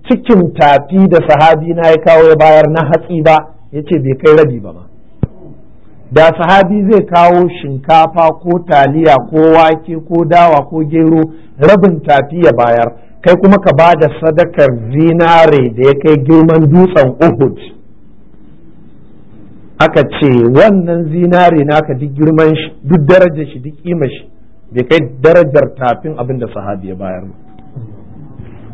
cikin tafi da sahabi na ya kawo ya bayar na hatsi ba ya ce bai kai rabi ba ma da sahabi zai kawo shinkafa ko taliya ko wake ko dawa ko gero rabin tafi ya bayar kai kuma ka ba da sadakar zinare da ya kai girman dutsen uhud aka ce wannan zinare naka duk girman shi duk darajar shi duk kima shi bai kai darajar tafin abin da sahabi ya bayar ba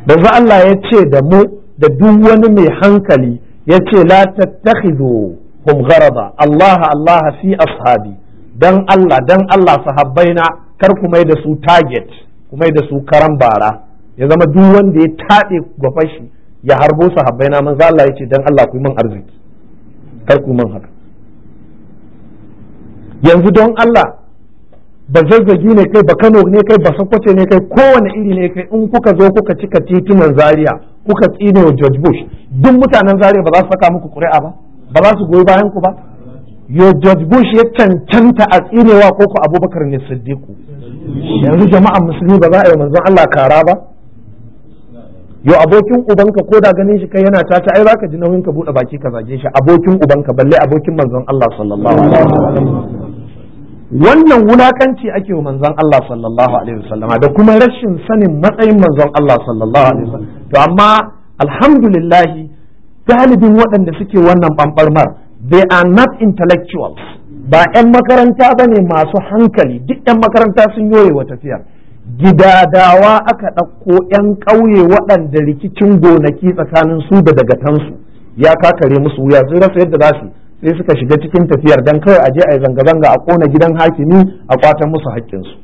da za Allah ya ce da mu da duk wani mai hankali ya ce la tattakhidhu hum gharaba Allah Allah fi ashabi dan Allah dan Allah sahabbaina kar ku mai da su target ku mai da su karan bara ya zama duk wanda ya taɗe gwafashi shi ya harbo sahabbaina manzo Allah yace ce dan Allah ku yi min arziki kar ku min haka yanzu don Allah ba zazzagi ne kai ba Kano ne kai ba Sokoto ne kai kowane iri ne kai in kuka zo kuka cika titunan Zaria kuka tsine wa George Bush duk mutanen Zaria ba za su saka muku ƙuri'a ba ba za su goyi bayan ku ba yo George Bush ya cancanta a tsinewa ko ku Abubakar ne Siddiqu yanzu jama'an musulmi ba za a yi manzon Allah kara ba yo abokin ubanka ko da ganin shi kai yana tata ai zaka ji nauyin ka bude baki ka zage shi abokin ubanka balle abokin manzon Allah sallallahu alaihi wasallam wannan wulakanci ake wa manzon Allah sallallahu alaihi wasallama da kuma rashin sanin matsayin manzon Allah sallallahu alaihi wasallam to amma alhamdulillah galibin waɗanda suke wannan ɓanɓarmar they are not intellectuals ba 'yan makaranta ba ne masu hankali duk 'yan makaranta sun yoye wa tafiyar gidadawa aka ɗauko 'yan ƙauye waɗanda rikicin gonaki tsakanin su da dagatansu ya kakare musu wuya sun rasa yadda za su sai suka shiga cikin tafiyar don kawai a je a yi zanga-zanga a ƙona gidan hakimi a ƙwatan musu haƙƙinsu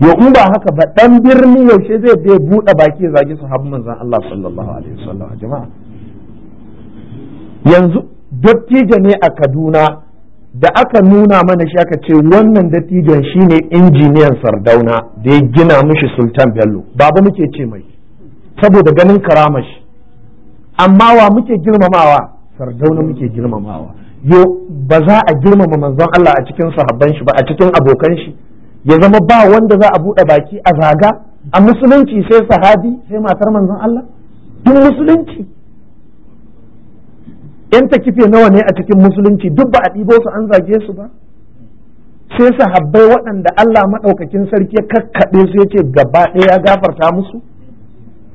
yo in ba haka ba dan birni yaushe zai bai buɗe baki ya zagi sahabban manzon Allah sallallahu alaihi wasallam jama'a yanzu dattijo ne a Kaduna da aka nuna mana shi aka ce wannan dattijon shine injiniyan Sardauna da ya gina mishi Sultan Bello baba muke ce mai saboda ganin karamar shi amma wa muke girmamawa Sardauna muke girmamawa yo ba za a girmama manzon Allah a cikin sahabban shi ba a cikin abokan shi ya zama ba wanda za a buɗe baki a zaga a musulunci sai sahabi sai matar manzon Allah duk musulunci yan takife nawa ne a cikin musulunci duk ba a ɗibo su an zage su ba sai sahabbai waɗanda Allah maɗaukakin sarki ya kakkaɓe su yace gaba ɗaya ya gafarta musu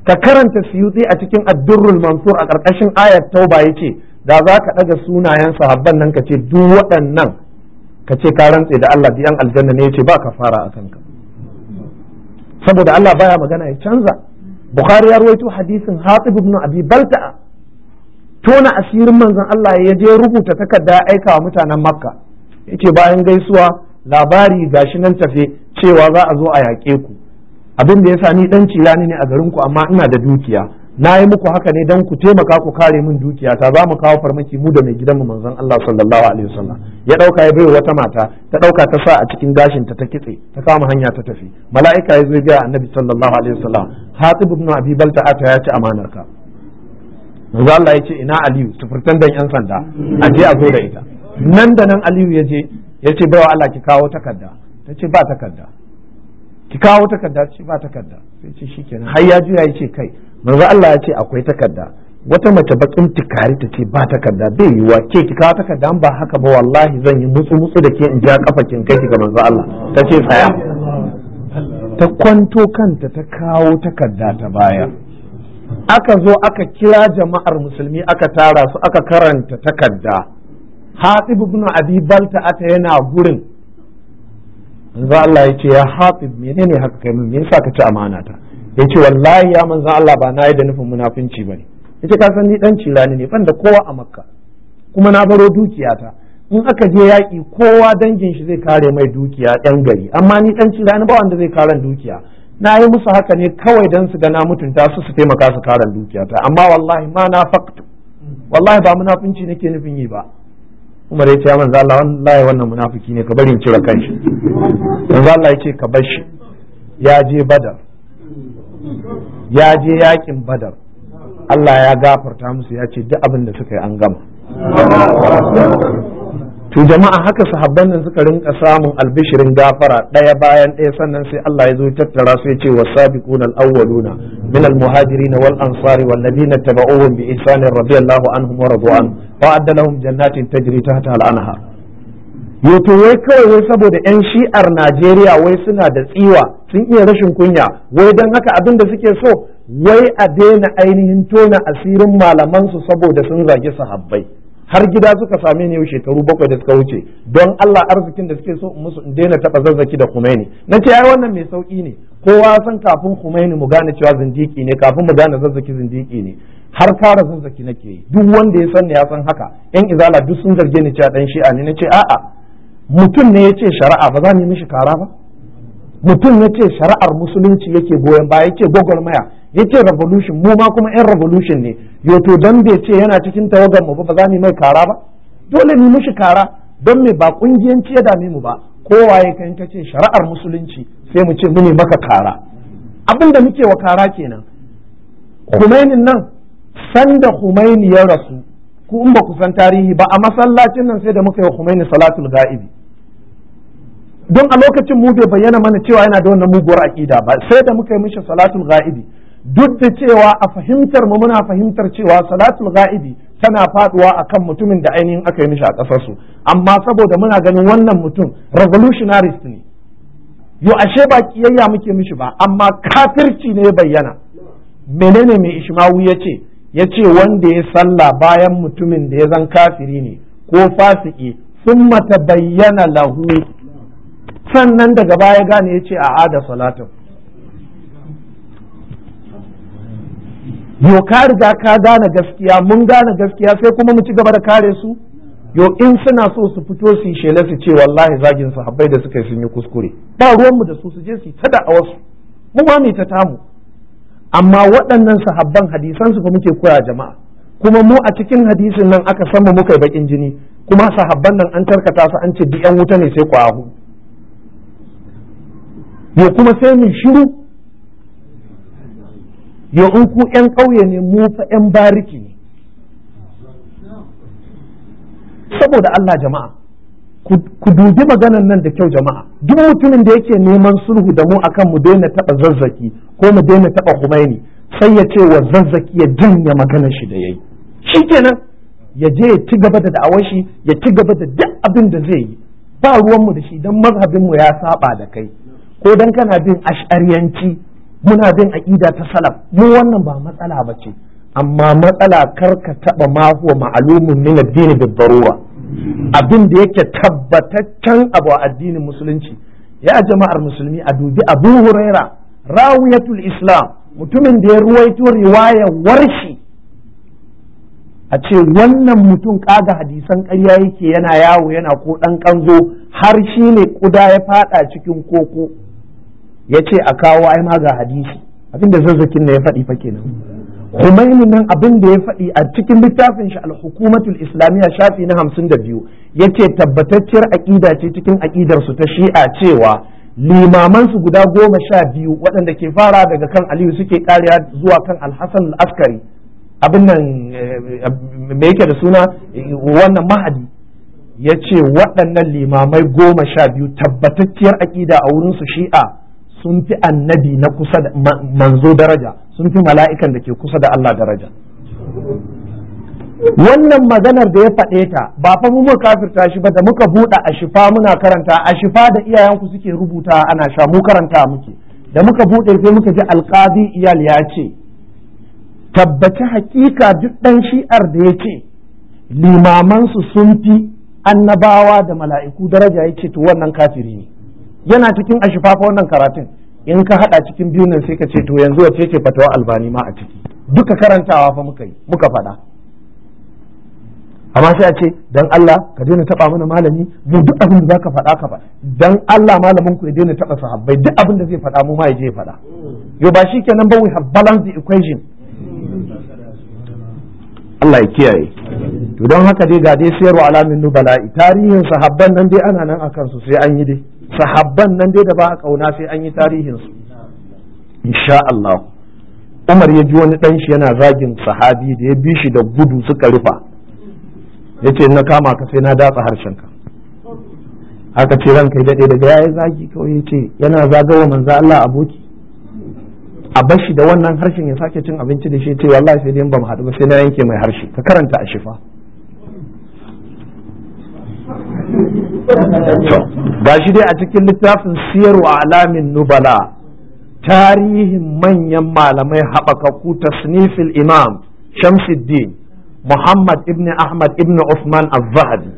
ka karanta siyuti a cikin addurrul mansur a ƙarƙashin ayat tauba yace da za ka ɗaga sunayen sahabban nan ka ce duk waɗannan ka ce ka rantse da Allah biyan aljanna ne yace ba kafara a kanka saboda Allah baya magana ya canza Bukhari ya rawaito hadisin Hatib ibn Abi tona asirin manzon Allah ya je rubuta takarda aika wa mutanen Makka yace bayan gaisuwa labari gashi nan tafe cewa za a zo a yaƙe ku abin da yasa ni dan cirani ne a garin ku amma ina da dukiya na yi muku haka ne don ku taimaka ku kare min dukiyata za mu kawo farmaki mu da mai gidanmu manzon Allah sallallahu alaihi wasallam ya dauka ya bai wata mata ta dauka ta sa a cikin gashin ta ta kitse ta kama hanya ta tafi mala'ika ya zo ga annabi sallallahu alaihi wasallam hatib ibn abi balta ata ya ci amanarka manzo Allah ya ce ina aliyu tufurtan dan yan sanda a je a zo da ita nan da nan aliyu ya je ya ce bawa Allah ki kawo takarda ta ce ba takarda ki kawo takarda ce ba takarda sai ce shikenan har ya juya yace kai manzo Allah ya ce akwai takarda wata mace bakin tikari ta ce ba takarda bai yiwa ke ki kawo takarda ba haka ba wallahi zan yi mutsu mutsu da ke in ja kafa kin kai ki ga manzo Allah ta ce tsaya ta kwanto kanta ta kawo takarda ta baya aka zo aka kira jama'ar musulmi aka tara su aka karanta takarda hatibu ibn abi balta ata yana gurin manzan Allah ya ce ya hatib menene haka kai min yasa ka ci amana ta ya ce wallahi ya manzan Allah ba na yi da nufin munafunci ne. ya ce ka san ni ɗan cirani ne ban da kowa a makka kuma na baro dukiyata in aka je yaƙi kowa dangin shi zai kare mai dukiya ɗan gari amma ni ɗan cirani ba wanda zai karen dukiya na yi musu haka ne kawai don su gana na mutunta su su taimaka su karen dukiyata amma wallahi ma na faktu wallahi ba munafunci nake nufin yi ba Umar ya ce ya manzo Allah wallahi wannan munafiki ne ka bari in cire kanshi manzo Allah ya ce ka bar shi ya je badar ya je yakin badar Allah ya gafarta musu ya ce duk abin da suka yi an gama to jama'a haka sahabban nan suka rinka samun albishirin gafara ɗaya bayan ɗaya sannan sai Allah ya zo tattara su ya ce wasabiqun al-awwaluna min al wal ansari wal ladina tabauhum bi ihsan radiyallahu anhum wa radu wa adda jannatin tajri tahta al-anhar yato wai kawai wai saboda yan shi'ar Najeriya wai suna da tsiwa sun iya rashin kunya wai dan haka abin da suke so wai a daina ainihin tona asirin malaman su saboda sun zagi sahabbai har gida suka same ni yau shekaru bakwai da suka wuce don Allah arzikin da suke so musu in daina taba zazzaki da kumaini. na ce ai wannan mai sauki ne kowa san kafin kumaini mu gane cewa zindiki ne kafin mu gane zazzaki zindiki ne har kara zazzaki nake yi duk wanda ya san ya san haka yan izala duk sun zarge ni cewa dan shi'a ne na ce a'a mutum ne ya ce shari'a ba za mu yi mishi kara ba mutum ya ce shari'ar musulunci yake goyon baya yake gwagwarmaya yake revolution mu ma kuma yan revolution ne yoto don bai ce yana cikin tawagar mu ba ba za mu mai kara ba dole mu mushi kara don me ba kungiyanci ya dame mu ba kowaye kan ka ce shari'ar musulunci sai mu ce mu maka kara abin da muke wa kara kenan Humainin nan sanda Humaini ya rasu ku in ba ku san tarihi ba a masallacin nan sai da muka yi Humaini salatul ga'ibi don a lokacin mu bai bayyana mana cewa yana da wannan muguwar aƙida ba sai da muka yi mishi salatul ga'ibi duk da cewa a fahimtar mu muna fahimtar cewa salatul ga'ibi tana faduwa kan mutumin da ainihin aka yi mishi a ƙasar amma saboda muna ganin wannan mutum revolutionaries ne yo ashe ba kiyayya muke mishi ba amma kafirci ne bayyana menene mai ishmawu ya ce ya ce wanda ya sallah bayan mutumin da ya zan kafiri ne ko fasiki sun mata bayyana lahu sannan daga baya gane ya ce a ada salatin yo ka riga ka gane gaskiya mun gane gaskiya sai kuma mu ci gaba da kare su yo in suna so su fito su yi shela su ce wallahi zagin sahabbai da suka yi sun yi kuskure ba ruwanmu da su su je su ta da awasu mu ma mai ta tamu amma waɗannan sahabban hadisan su fa muke koya jama'a kuma mu a cikin hadisin nan aka san mu muka yi bakin jini kuma sahabban nan an tarkata su an ce duk yan wuta ne sai ku ya kuma sai mu shiru ya in ku ƴan ƙauye ne mu fa ƴan bariki ne saboda Allah jama'a ku dubi maganan nan da kyau jama'a duk mutumin da yake neman sulhu da mu akan mu daina taɓa zazzaki ko mu daina taɓa kumaini sai ya ce wa zazzaki ya janye maganar shi da yayi shikenan ya je ya ci gaba da da'awar shi ya ci gaba da duk abin da zai yi ba ruwanmu da shi don mazhabinmu ya saba da kai ko dan kana bin ash'ariyanci muna bin aqida ta salaf mu wannan ba matsala ba ce amma matsala kar ka taba ma huwa ma'lumun min addini bi darura abin da yake tabbataccen abu a addinin musulunci ya jama'ar musulmi a dubi abu huraira rawiyatul islam mutumin da ya ruwaito riwayar warshi a ce wannan mutum kaga hadisan ƙarya yake yana yawo yana ko ɗan ƙanzo har shi ne ƙuda ya faɗa cikin koko ya ce a kawo ai ga hadisi abinda zazzakin na ya faɗi fa kenan Khomeini nan abin da ya faɗi a cikin littafin shi al-hukumatul islamiyya shafi na hamsin da biyu yace tabbatacciyar aƙida ce cikin aƙidarsu su ta shi'a cewa limaman su guda goma sha biyu waɗanda ke fara daga kan aliyu suke ƙariya zuwa kan alhassan al-askari abin nan eh, me yake da suna wannan mahadi ya ce waɗannan limamai goma sha biyu tabbatacciyar aƙida a wurinsu shi'a sun fi annabi na kusa da manzo daraja sun fi mala'ikan da ke kusa da Allah daraja wannan maganar da ya faɗe ta ba fa mu muka kafirta shi ba da muka buɗe a shifa muna karanta a shifa da iyayenku suke rubuta ana sha mu karanta muke da muka buɗe sai muka ji alƙazi iyal ya ce tabbaci hakika duk ɗan shi'ar da ya ce limamansu sun fi annabawa da mala'iku daraja ya to wannan kafiri ne yana cikin a shifafa wannan karatun in ka hada cikin biyun nan sai ka ce to yanzu wace ke fatawa albani ma a ciki duka karantawa fa muka yi muka faɗa amma sai a ce dan Allah ka daina taba mana malami mu duk abin da zaka faɗa ka ba dan Allah malamin ku ya daina taba sahabbai duk abin da zai faɗa mu ma ya je faɗa yo ba shikenan ba we have balance the equation Allah ya kiyaye to don haka dai ga dai sayarwa alamin nubala tarihin sahabban nan dai ana nan akan su sai an yi dai sahabban nan dai da ba a kauna sai an yi tarihin su insha Allah Umar ya ji wani dan shi yana zagin sahabi da ya bi shi da gudu suka rufa yace na kama ka sai na datsa harshen ka aka ce ranka ya dade daga yayi zagi kawai yace yana zagawa manzo Allah aboki a bashi da wannan harshen ya sake cin abinci da shi ce wallahi sai dai ban haɗu ba sai na yanke mai harshe ka karanta a shifa ga shi dai a cikin littafin siyar wa alamin nubala tarihin manyan malamai haɓakaku ta sinifil imam shamsuddin muhammad ibn ahmad ibn usman al-zahabi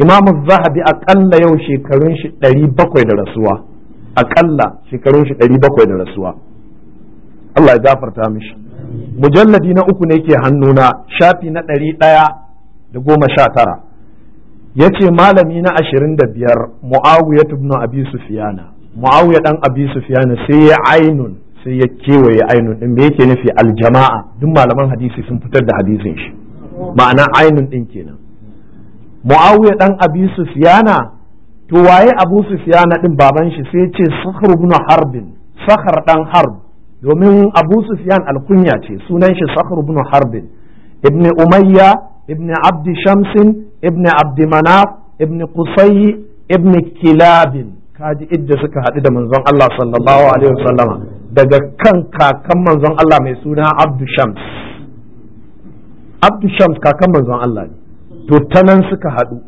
imam al-zahabi aƙalla yau shekarun shi ɗari bakwai da rasuwa aƙalla shekarun shi ɗari bakwai da rasuwa Allah ya gafarta mishi mujalladi na uku ne ke hannuna shafi na ɗari ɗaya da goma sha tara Ya ce malami na ashirin da biyar muawiya ibn abi sufyana muawiya dan abi sufyana sai ya ainun sai ya kewaye ainun din me yake nufi aljama'a duk malaman hadisi sun fitar da hadisin shi ma'ana ainun din kenan muawiya dan abi sufyana to waye abu sufyana din baban shi sai ce sakhar ibn harbin sakhar dan harb domin abu sufyan alkunya ce sunan shi sakhar ibn harbin ibn umayya ibn abdi shamsin ibn abdi manaf ibn Kusai, Ibni kilabin kaji idda suka haɗu da manzon Allah sallallahu alaihi wasallama daga kan kakan manzon Allah mai suna abdu shams abdu shams kakan manzon Allah ne to ta nan suka haɗu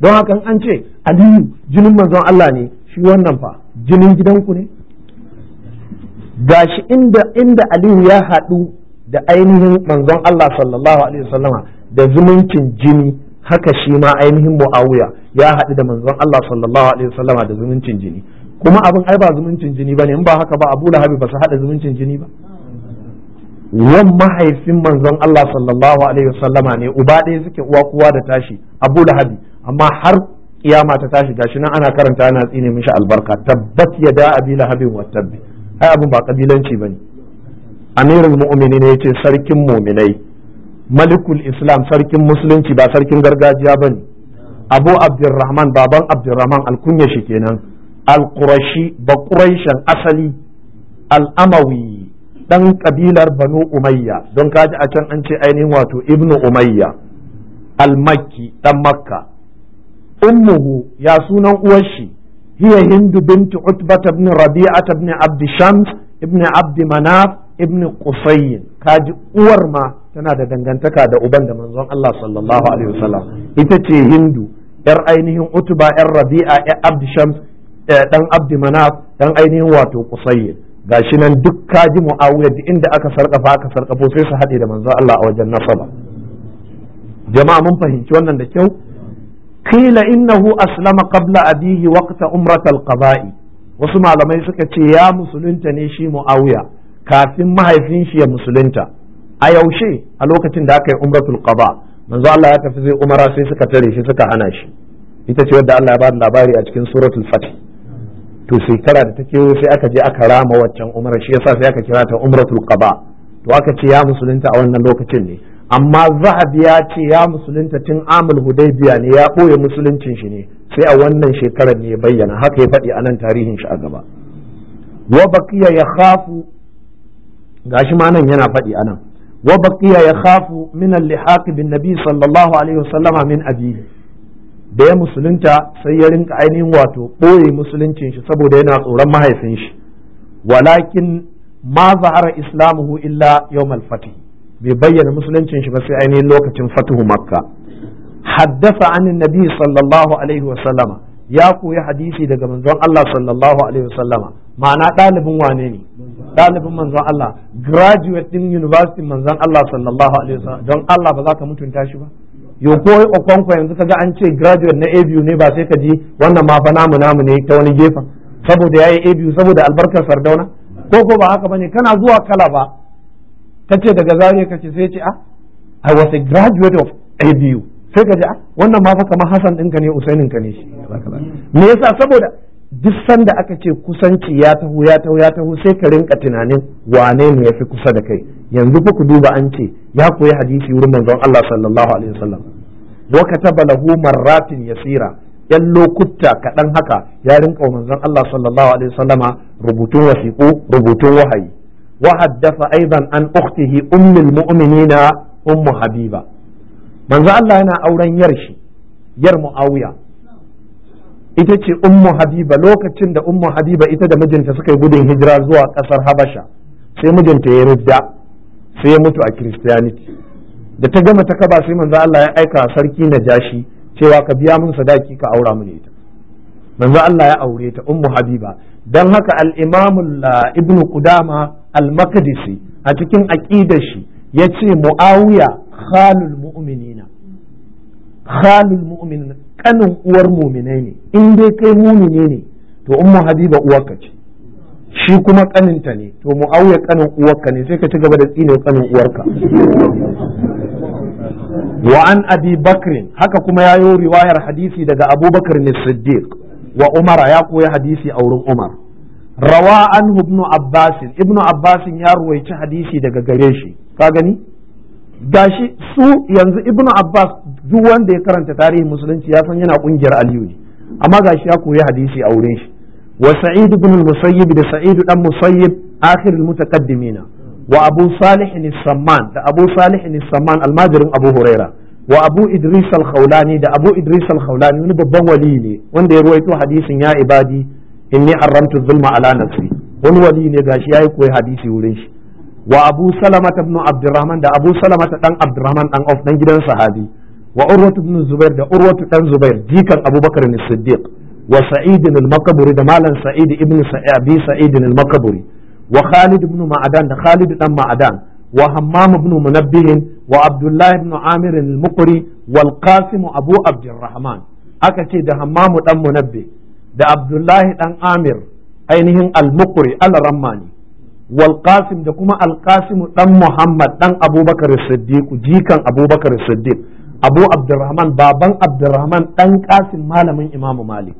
don hakan an ce aliyu jinin manzon Allah ne shi wannan fa jinin gidanku ne gashi inda inda aliyu ya haɗu da ainihin manzon Allah sallallahu alaihi wasallama da zumuncin jini haka shi ma ainihin muawiya ya haɗu da manzon Allah sallallahu alaihi wasallama da zumuncin jini kuma abin ai ba zumuncin jini bane in ba haka ba Abu Lahab ba su haɗa zumuncin jini ba wan mahaifin manzon Allah sallallahu alaihi wasallama ne uba ɗaya suke uwa kowa da tashi Abu Lahab amma har kiyama ta tashi gashi nan ana karanta ana tsine mishi albarka tabbat ya yada abi lahabin wa tabbi ai abin ba kabilanci bane amirul mu'minin yace sarkin mu'minai malikul islam sarkin musulunci ba sarkin gargajiya ba ne abu abdurrahman baban abdurrahman alkunya shi kenan alkurashi ba asali al'amawi dan kabilar banu umayya don kaji a can an ce ainihin wato ibnu umayya almakki dan makka ummuhu ya sunan uwar shi hiya hindu bintu utbata ibn rabi'a ibn abd shams ibn abd manaf ibn qusayn kaji uwar ma tana da dangantaka da uban da manzon Allah sallallahu alaihi wasallam ita ce hindu yar ainihin utuba yar rabi'a yar abd shams eh, dan abdi manaf dan ainihin wato Ga gashi nan duk kaji muawiya duk inda aka sarkafa aka sarkafo sai su hade da manzon Allah a wajen nasaba jama'a mun fahimci wannan da kyau qila innahu aslama qabla abihi waqta umratal qada'i wasu malamai suka ce ya musulunta ne shi muawiya kafin mahaifin shi ya musulunta a yaushe a lokacin da aka yi umratul qada manzo Allah ya tafi zai umara sai suka tare shi suka hana shi ita ce wadda Allah ya ba labari a cikin suratul fath to shekara da take sai aka je aka rama waccan umara shi yasa sai aka kira ta umratul qada to aka ce ya musulunta a wannan lokacin ne amma Zahab ya ce ya musulunta tun amul hudaybiya ne ya boye musuluncin shi ne sai a wannan shekarar ne ya bayyana haka ya faɗi a nan tarihin shi a gaba wa baqiya ya khafu gashi ma nan yana faɗi a nan wa baqiya ya min al lihaki bin nabi sallallahu alaihi wasallama min da ya musulunta sai ya rinka ainihin wato ɓoye musuluncin shi saboda yana tsoron mahaifin shi walakin ma zahara islamuhu illa yawmal malfati. bai bayyana musuluncin shi ba sai ainihin lokacin fatuhu makka haddasa an nabi sallallahu alaihi wa sallama ya koyi hadisi daga manzon Allah sallallahu alaihi wa sallama ma'ana ɗalibin wane ne ɗalibin manzon Allah graduate din university manzon Allah sallallahu alaihi wasallam don Allah ba za ka mutunta shi ba yo ko okonko yanzu kaga an ce graduate na ABU ne ba sai ka ji wannan ma fa namu namu ne ta wani gefen saboda yayi ABU saboda albarkar Sardauna ko ko ba haka bane kana zuwa kala ba kace daga Zaria kace sai ce ah I was a graduate of ABU sai ka ji ah wannan ma fa kamar Hassan ɗinka ne Usainin ka ne shi me yasa saboda duk sanda aka ce kusanci ya taho ya taho ya taho sai ka rinka tunanin wane ne yafi kusa da kai yanzu fa ku duba an ce ya koyi hadisi wurin manzon Allah sallallahu alaihi wasallam wa kataba lahu marratin yasira yan lokuta kaɗan haka ya rinka manzon Allah sallallahu alaihi wasallama rubutun wasiƙu rubutun wahayi wa haddatha aidan an ukhtihi ummul mu'minina ummu habiba manzo Allah yana auren yar shi. yar muawiya ita ce ummu habiba lokacin da ummu habiba ita da mijinta suka yi gudun hijira zuwa kasar habasha sai mijinta ya ridda sai ya mutu a christianity da ta gama ta kaba sai manzo Allah ya aika sarki na jashi cewa ka biya mun sadaki ka aura mun ita manzo Allah ya aure ta ummu habiba dan haka al-imam ibn qudama al-maqdisi a cikin aqidar shi yace muawiya khalul mu'minina khalul mu'minina kanin uwar muminai ne in dai kai mumine ne to ummu habiba uwarka ce shi kuma kaninta ne to mu muawiya kanin uwarka ne sai ka ci gaba da tsine kanin uwarka wa an abi haka kuma ya yi riwayar hadisi daga abubakar ne siddiq wa umara ya koyi hadisi a wurin umar rawa an ibnu abbasin ibnu abbasin ya ruwaici hadisi daga gare shi ka gani gashi su yanzu ibnu abbas duk wanda ya karanta tarihin musulunci ya san yana kungiyar aliyu ne amma gashi ya koyi hadisi a wurin shi wa sa'id ibn al-musayyib da sa'id dan musayyib akhir al-mutaqaddimina wa abu salih samman da abu salih samman almajirin abu huraira wa abu idris al-khawlani da abu idris al-khawlani wani babban wali ne wanda ya ruwaito hadisin ya ibadi inni haramtu zulma ala nafsi wani wali ne gashi yayi koyi hadisi wurin shi wa abu salamata ibn abdurrahman da abu salamata dan abdurrahman dan of dan gidan sahabi wa urwatu ibn zubair da urwatu dan zubair jikan abubakar ne siddiq wa sa'id al-makaburi da malam sa'id ibn sa'abi sa'id al-makaburi wa khalid ibn ma'adan da khalid dan ma'adan wa hammam ibn munabbih wa abdullah ibn amir al-muqri wal qasim abu abdurrahman aka ce da hammam dan munabbih da abdullah dan amir ainihin al-muqri al-rammani Walqasim da kuma al ɗan dan muhammad dan abubakar siddiq jikan abubakar siddiq abu abdurrahman baban abdurrahman dan qasim malamin imamu malik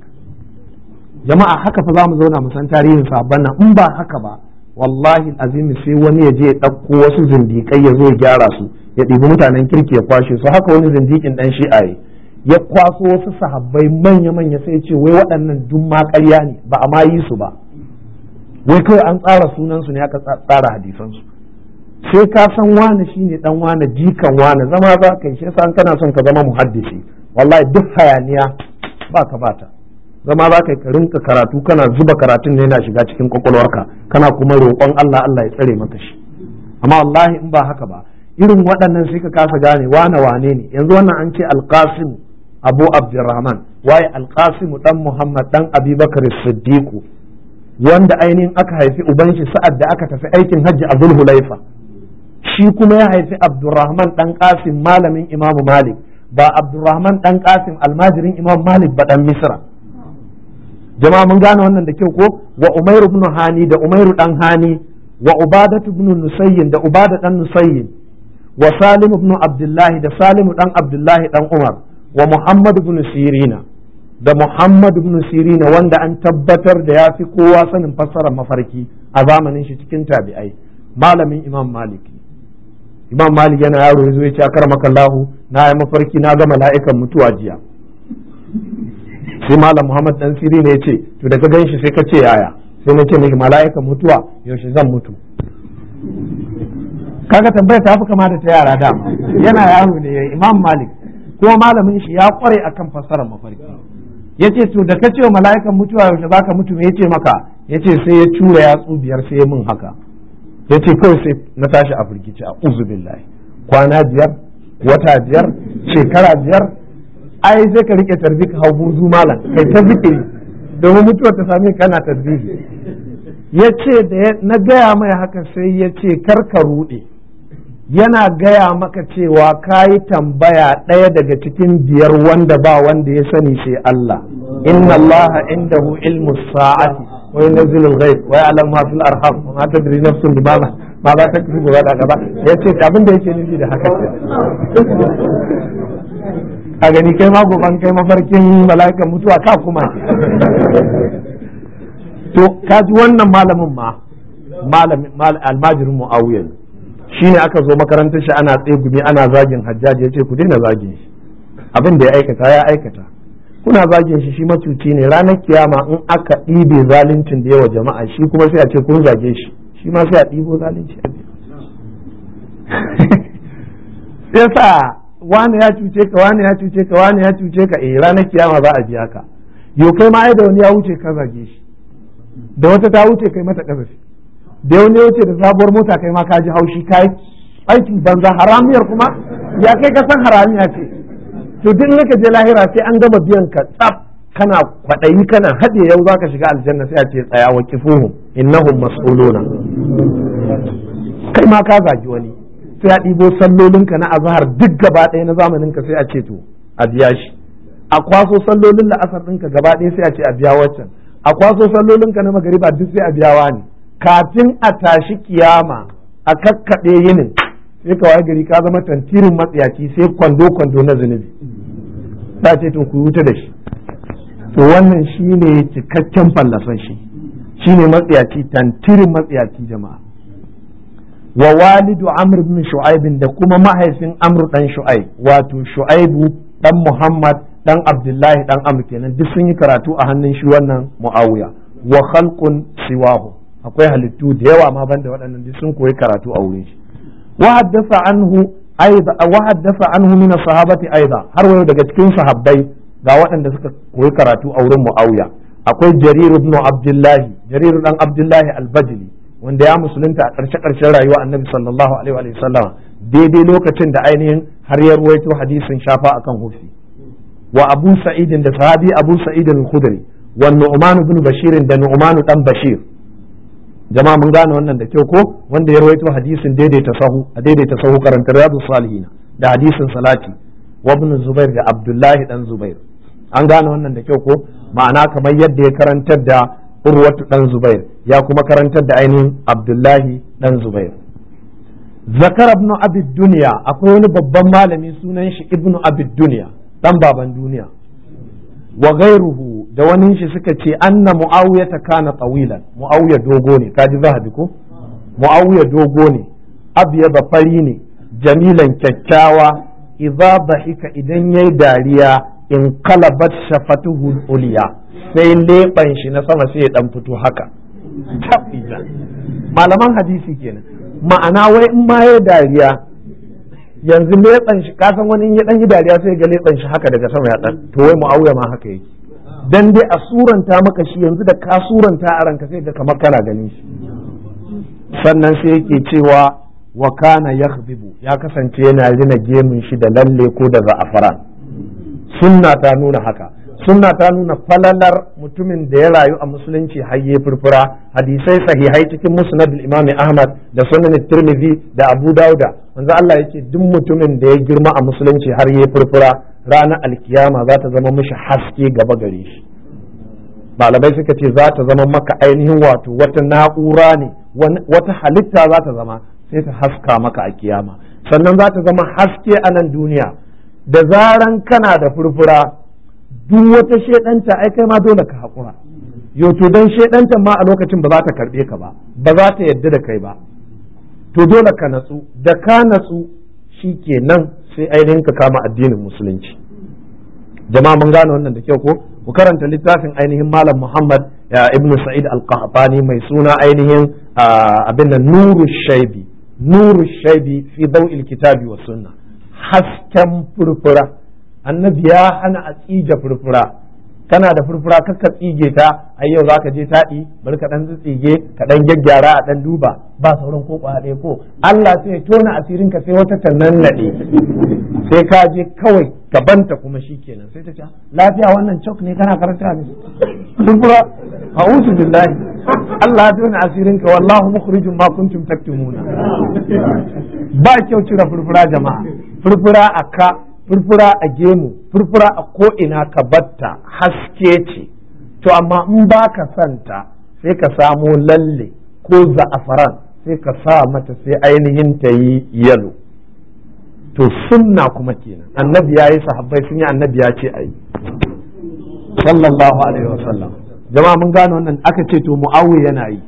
jama'a haka fa zamu zauna mu san tarihin sahabban nan in ba haka ba wallahi azimi sai wani ya je ya ɗauko wasu zindikai ya zo ya gyara su ya ɗibi mutanen kirki ya kwashe su haka wani zindikin dan shi'aye ya kwaso wasu sahabbai manya-manya sai ce wai waɗannan duk ƙarya ne ba a ma yi su ba wai kawai an tsara sunansu ne aka tsara hadisansu sai ka san wani shine dan wani jikan wani zama za ka yi shi yasa kana son ka zama muhaddisi wallahi duk hayaniya ba ka bata zama za ka yi rinka karatu kana zuba karatun ne yana shiga cikin kwakwalwarka kana kuma roƙon Allah Allah ya tsare maka shi amma wallahi in ba haka ba irin waɗannan sai ka kasa gane wane wane ne yanzu wannan an ce alqasim abu abdurrahman waye alqasim dan muhammad dan abubakar siddiqu wanda ainihin aka haifi uban shi sa'ad da aka tafi aikin hajji a zulhulaifa shi kuma ya haifi abdurrahman dan kasim malamin imamu malik ba abdurrahman dan kasim almajirin imam malik ba dan misra jama'a mun gane wannan da kyau ko wa umairu ibn hani da umairu dan hani wa ubadatu ibn nusayyin da ubada dan nusayyin wa salim ibn abdullahi da salimu dan abdullahi dan umar wa muhammad ibn sirina da Muhammad ibn Sirin wanda an tabbatar da ya fi kowa sanin fassarar mafarki a zamanin shi cikin tabi'ai malamin Imam Malik Imam Malik yana yaro yazo ya ce akar makallahu na yi mafarki na ga mala'ikan mutuwa jiya sai malam Muhammad dan Sirin ya ce to daga ganshi sai ka ce yaya sai na ce miki mala'ikan mutuwa yaushe zan mutu kaga tambayar ta fi kama da ta yara da. yana yaro ne imam malik kuma malamin shi ya kware akan fassarar mafarki yace to da ka ce wa mala'ikan mutuwa yaushe baka mutu me yace maka yace sai ya tura yatsu biyar sai ya min haka yace kawai sai na tashi a firgici a uzubillahi kwana biyar wata biyar shekara biyar ai sai ka rike tarbi ka hau burzu malam kai ta zikiri domin mutuwar ta sami kana tarbi ya ce da na gaya mai haka sai yace kar ka rude. yana gaya maka cewa ka yi tambaya ɗaya daga cikin biyar wanda ba wanda ya sani sai Allah inna Allah indahu ilmu sa'ati wa yunzilu al-ghaib wa ya'lamu ma fil arham wa ma tadri nafsun bi ma ba ba ta kusa gaba daga ba yace abin da yake nufi da haka a gani kai ma goban kai mafarkin mala'ikan mutuwa ka kuma to kaji wannan malamin ma malamin almajirin mu'awiyah ne aka zo makarantar shi ana tsegumi ana zagin hajjaji ya ce ku daina zagin shi abin da ya aikata ya aikata kuna zagin shi shi matuki ne ranar kiyama in aka ɗibe zaluncin da yawa jama'a shi kuma sai a ce kun zage shi shi ma sai a ɗibo zalunci sai sa wani ya cuce ka wani ya cuce ka wani ya cuce ka eh ranar kiyama za a biya ka yau kai ma ai da wani ya wuce ka zage shi da wata ta wuce kai mata kazafi da wani ya wuce da sabuwar mota kai ma ka haushi kai aiki banza haramiyar kuma ya kai ka san haramiya ce to duk in ka je lahira sai an gama biyan ka tsaf kana kwaɗayi kana haɗe yau za ka shiga aljanna sai a ce tsaya wa kifuhum innahum mas'uluna kai ma ka zagi wani sai a ɗibo sallolinka na azahar duk gaba ɗaya na ka sai a ce to a biya shi a kwaso sallolin la'asar ɗinka gaba ɗaya sai a ce a biya waccan a kwaso sallolinka na magariba duk sai a biya wani kafin a tashi kiyama a kakkaɗe yinin sai ka gari ka zama tantirin matsiyaci sai kwando kwando na zunubi ta ce tun ku da shi to wannan shi ne cikakken fallasan shi ne matsiyaci tantirin matsiyaci jama'a wa walidu amr bin shu'aibin da kuma mahaifin amr dan shu'aib wato shu'aibu dan muhammad dan abdullahi dan amr kenan duk sun yi karatu a hannun shi wannan muawiya wa khalqun siwahu akwai halittu da yawa ma banda waɗannan duk sun koyi karatu a wurin shi wa haddasa anhu aiba wa haddasa anhu min sahabati aiba har wani daga cikin sahabbai ga waɗanda suka koyi karatu a wurin muawiya akwai jarir ibn abdullahi jarir dan abdullahi al-bajli wanda ya musulunta a ƙarshe ƙarshen rayuwa annabi sallallahu alaihi wa sallam daidai lokacin da ainihin har ya ruwaito hadisin shafa akan hufi wa abu sa'idin da sahabi abu sa'idin al-khudri wa nu'man ibn bashir da nu'man dan bashir jama'a mun gane wannan da kyau ko wanda ya rawaito hadisin daidaita sahu a daidaita sahu karanta riyadu Salihina, da hadisin salati wa ibn zubair da abdullahi dan zubair an gane wannan da kyau ko ma'ana kamar yadda ya karantar da urwatu dan zubair ya kuma karantar da ainihin abdullahi dan zubair zakar ibn abid duniya akwai wani babban malami sunan shi ibn abid duniya dan baban duniya wa gairuhu da wani shi suka ce anna muawiya ta kana tawilan muawiya dogo ne kaji zahabi ko muawiya dogo ne abyada fari ne jamilan kyakkyawa idza hika idan yayi dariya in kalabat shafatuhu uliya sai leban shi na sama sai ya dan fito haka malaman hadisi kenan ma'ana wai in ma yayi dariya yanzu leɓen shi kasan wani ya dan yi dariya sai ga leɓen shi haka daga sama ya dan to wai muawiya ma haka yake dan dai a suranta maka shi yanzu da ka suranta a ranka sai ga kamar kana ganin shi sannan sai yake cewa wa kana yakhbibu ya kasance yana rina gemun shi da lalle ko da za'afaran sunna ta nuna haka sunna ta nuna falalar mutumin da ya rayu a musulunci hayye furfura hadisai sahihai cikin musnad imami ahmad da sunan tirmidhi da abu dauda manzo Allah yace duk mutumin da ya girma a musulunci har yayi furfura ranar alkiyama za ta zama mishi haske gaba gare shi malamai suka ce za ta zama maka ainihin wato wata na'ura ne wata halitta za ta zama sai ta haska maka a kiyama sannan za ta zama haske a nan duniya da zaran kana da furfura duk wata shedanta ai kai ma dole ka hakura yau to dan shedantan ma a lokacin ba za ta karɓe ka ba ba za ta yadda da kai ba to dole ka natsu da ka natsu shikenan sai ainihin ka kama addinin musulunci jama'a mun gane wannan da kyau ko ku karanta littafin ainihin malam muhammad ibn sa'id al-qahtani mai suna ainihin abin nan nuru shaibi nuru shaibi fi daw'il kitabi wa sunna hasken furfura annabi ya hana a tsige furfura kana da furfura kakka tsige ta ai yau zaka je taɗi bari ka dan tsige ka dan gyaggyara a dan duba ba sauran ko dai ko Allah sai tona asirin ka sai wata tannan nade sai ka je kawai ka banta kuma shikenan sai ta ce lafiya wannan chok ne kana karanta ne furfura a'udhu billahi Allah ya tona asirin ka wallahu mukhrijum ma kuntum taktumuna ba kyau cire furfura jama'a furfura akka furfura a gemu furfura a ko'ina ka batta haske ce to amma in ba ka santa sai ka samo lalle ko za'afaran sai ka sa mata sai ainihin ta yi yalo to sunna kuma kenan annabi ya yi sahabbai sun yi annabi ya ce ayi sallallahu alaihi wasallam jama'a mun gane wannan aka ce to mu'awiya yana yi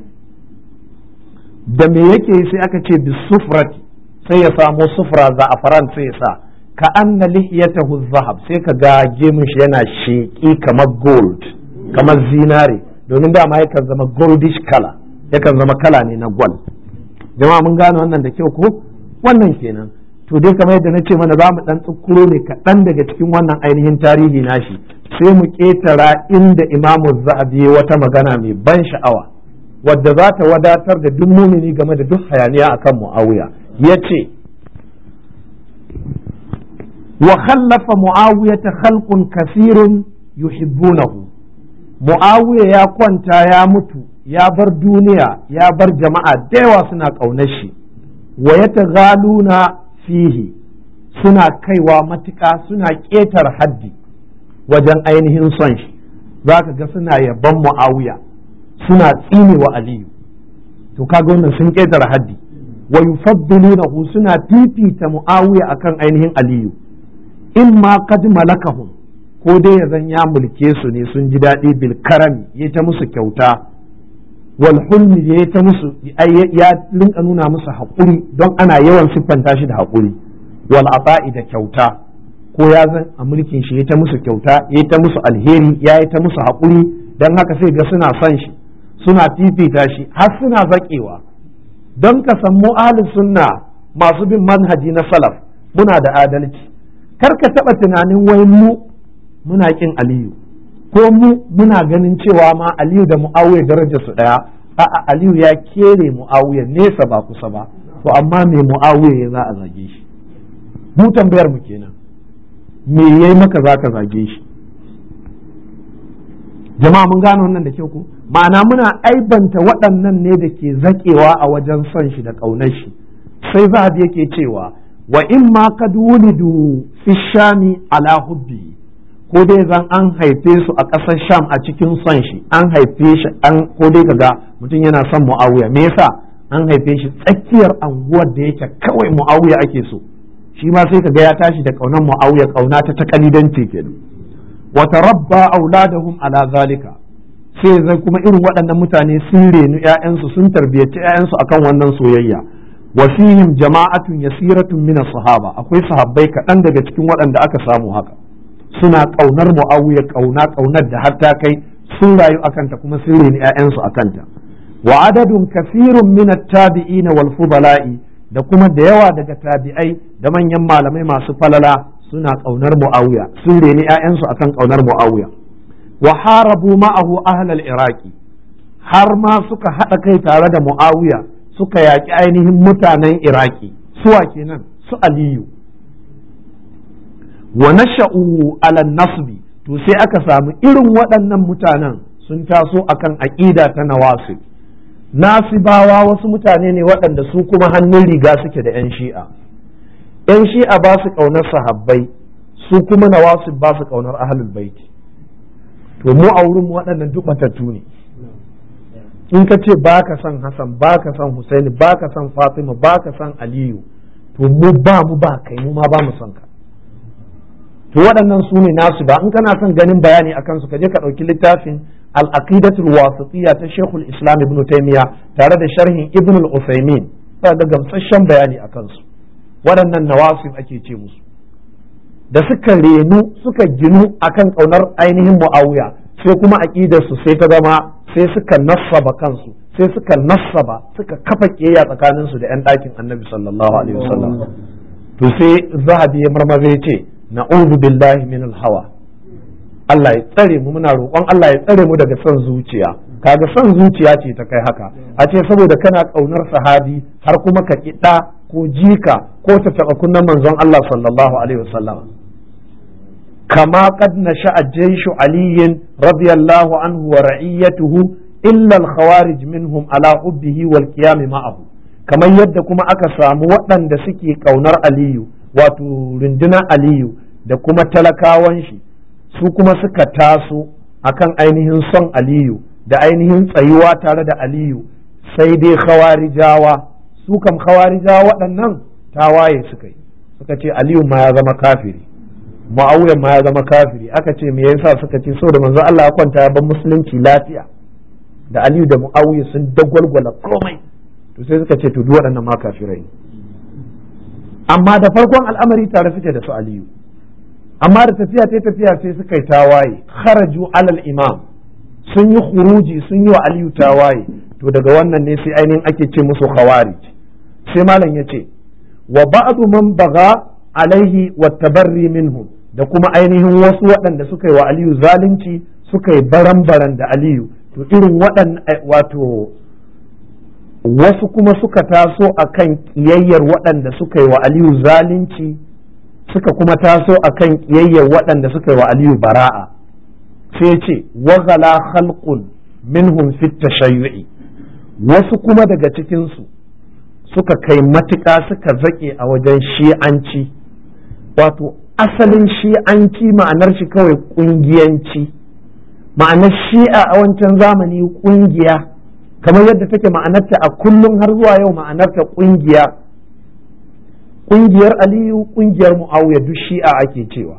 da me yake sai aka ce bi sufrati sai ya samo sufra za'afaran sai ya sa ka anna lihiyatahu zahab sai ka ga gemun shi yana sheƙi kamar gold kamar zinare domin dama yakan zama goldish color yakan zama kala ne na gwal jama'a mun gane wannan da kyau ko wannan kenan to dai kamar yadda na ce mana za mu dan tsukuro ne kaɗan daga cikin wannan ainihin tarihi nashi sai mu ƙetara inda imamu zahabi wata magana mai ban sha'awa wadda za ta wadatar da duk mumini game da duk hayaniya akan mu'awiya ya ce wa khallafa muawiya ta khalqun kasirun yuhibbunahu muawiya ya kwanta ya mutu ya bar duniya ya bar jama'a da yawa suna ƙaunar shi wa yataghaluna fihi suna kaiwa matuƙa suna ƙetar haddi wajen ainihin son shi za ka ga suna yaban mu'awiya suna tsine wa aliyu to kaga wannan sun ƙetar haddi wa yufaddilunahu suna fifita mu'awiya akan ainihin aliyu in ma kad malakahum ko dai ya zan ya mulke su ne sun ji daɗi bil karam ya ta musu kyauta wal hulmi ya ta musu ya linka nuna musu haƙuri don ana yawan siffanta shi da haƙuri wal ata'i da kyauta ko ya zan a mulkin shi ya ta musu kyauta ya ta musu alheri ya ta musu haƙuri don haka sai ga suna son shi suna fifita shi har suna zaƙewa don ka san mu'alin sunna masu bin manhaji na salaf muna da adalci kar ka taɓa tunanin wai mu muna kin aliyu ko mu muna ganin cewa ma aliyu da mu'awiya daraja su ɗaya a'a aliyu ya kere mu'awiya nesa ba kusa ba to amma me mu'awiya ya za a zage shi mu tambayar mu kenan me yayi maka za ka zage shi jama'a mun gano wannan da kyau ko ma'ana muna aibanta waɗannan ne da ke zaƙewa a wajen son shi da ƙaunar shi sai zahab yake cewa wa in ma kad wulidu fi shami ala hubbi ko dai zan an haife su a ƙasar sham a cikin son shi an haife shi an ko dai kaga mutum yana son muawiya me yasa an haife shi tsakiyar anguwar da yake kawai muawiya ake so shi ma sai kaga ya tashi da ƙaunar muawiya ƙauna ta takalidanci kenan wa tarabba auladahum ala zalika sai zai kuma irin waɗannan mutane sun renu 'ya'yansu sun tarbiyyaci 'ya'yansu akan wannan soyayya wa jama'atun yasiratun mina sahaba akwai sahabbai kaɗan daga cikin waɗanda aka samu haka suna ƙaunar muawiya ƙauna ƙaunar da har ta kai sun rayu akanta kuma sun reni ƴaƴansu akanta wa adadun kasirun mina tabi'i na wal fudala'i da kuma da yawa daga tabi'ai da manyan malamai masu falala suna ƙaunar muawiya sun reni ƴaƴansu akan ƙaunar muawiya wa harabu ma'ahu ahlal iraqi har ma suka haɗa kai tare da muawiya suka yaƙi ainihin mutanen iraki suwa kenan su aliyu wa nasha'u ala nasbi to sai aka samu irin waɗannan mutanen sun taso akan aƙida ta nawasib nasibawa wasu mutane ne waɗanda su kuma hannun riga suke da 'yan shi'a 'yan shi'a ba su ƙaunar sahabbai su kuma nawasib ba su ƙaunar ahlul baiti to mu a wurin waɗannan duk matattu ne in ka ce ba ka san hassan ba ka san husaini ba ka san fatima ba ka san aliyu to mu ba mu ba kai mu ma ba mu son ka to waɗannan su ne nasu ba in kana son ganin bayani a kansu ka je ka ɗauki littafin al-aqidatul wasatiyya ta shekul islam ibn taymiya tare da sharhin ibn al-usaymin ga gamsasshen bayani a kansu waɗannan nawasin ake ce musu da suka renu suka ginu akan ƙaunar ainihin mu'awiya sai kuma aƙidarsu sai ta zama sai suka nasaba kansu sai suka nasaba suka kafa tsakanin tsakaninsu da 'yan ɗakin annabi sallallahu alaihi wasallam to sai zahabi ya marmaza ya ce na'udhu billahi min hawa Allah ya tsare mu muna roƙon Allah ya tsare mu daga son zuciya kaga son zuciya ce ta kai haka a ce saboda kana ƙaunar sahabi har kuma ka kiɗa ko jika ko ta taba kunnan manzon Allah sallallahu alaihi wasallam kama qad nasha'a jayshu aliyin radiyallahu anhu wa ra'iyatuhu illa al-khawarij minhum ala hubbihi wal qiyam ma'ahu kamar yadda kuma aka samu waɗanda suke ƙaunar aliyu wato rundunar aliyu da kuma talakawan shi su kuma suka taso akan ainihin son aliyu da ainihin tsayuwa tare da aliyu sai dai khawarijawa su kam khawarijawa waɗannan tawaye suka yi suka ce aliyu ma ya zama kafiri muawiya ma ya zama kafiri aka ce me yasa suka ce saboda manzo Allah ya kwanta ya ban musulunci lafiya da aliyu da muawiya sun dagwalgwala komai to sai suka ce to duk waɗannan ma kafirai amma da farkon al'amari tare suke da su aliyu amma da tafiya ta tafiya sai suka yi tawaye kharaju alal imam sun yi khuruji sun yi wa aliyu tawaye to daga wannan ne sai ainihin ake ce musu khawarij sai malam ya ce wa ba'du man baga alaihi wa tabarri minhum da kuma ainihin wasu waɗanda suka yi wa aliyu zalunci suka yi baran da aliyu to irin waɗanda eh, wato wasu kuma suka taso a kan ƙiyayyar waɗanda suka yi wa aliyu zalunci suka kuma taso a kan ƙiyayyar waɗanda suka yi wa aliyu bara'a sai ce wagala khalqun minhum fit tashayyu'i wasu kuma daga cikinsu suka kai matuƙa suka zaƙe a wajen shi'anci wato asalin shi'anci ma'anar shi kawai ƙungiyanci ma'anar shi'a a wancan zamani ƙungiya kamar yadda take ma'anarta a kullum har zuwa yau ma'anarta kungiya ƙungiyar aliyu ƙungiyar mu'awiya duk shi'a ake cewa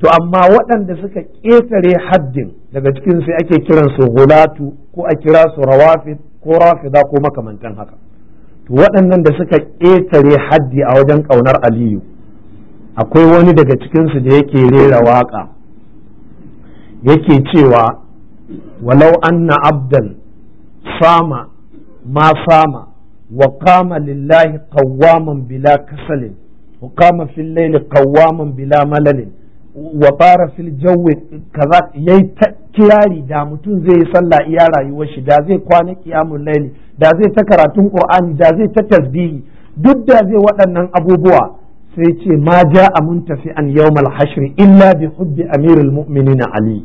to amma waɗanda suka ƙetare haddin daga cikin sai ake kiran su hulatu ko a kira su Rawafi ko rafida ko makamantan haka to waɗannan da suka ƙetare haddi a wajen ƙaunar aliyu akwai wani daga cikinsu da yake rera waƙa yake cewa walau anna abdan sama ma sama wa qama lillahi qawwaman bila kasalin wa qama fil layli qawwaman bila malalin wa fara fil kaza yayi ta kirari da mutum zai yi sallah iya rayuwar shi da zai kwana qiyamul laili da zai ta karatun qur'ani da zai ta tasbihi duk da zai waɗannan abubuwa sai ce ma ja a mun tafi an yawmal hashr illa bi hubbi amirul mu'minin ali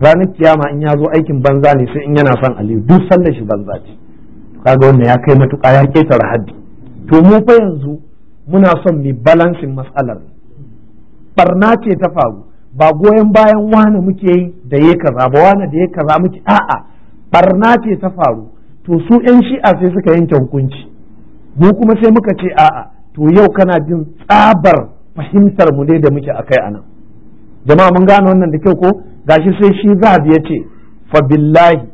ranar kiyama in ya zo aikin banza ne sai in yana son aliyu duk sallar shi banza ce kaga wannan ya kai matuƙa ya ketare haddi to mu fa yanzu muna son mi balansin matsalar barna ce ta faru ba goyon bayan wani muke yi da ya kaza ba wani da ya kaza muke a'a barna ce ta faru to su yan shi'a sai suka yanke hukunci mu kuma sai muka ce a'a to yau kana jin tsabar fahimtar mu ne da muke akai anan jama'a mun gane wannan da kyau ko gashi sai shi zahab ya ce fa billahi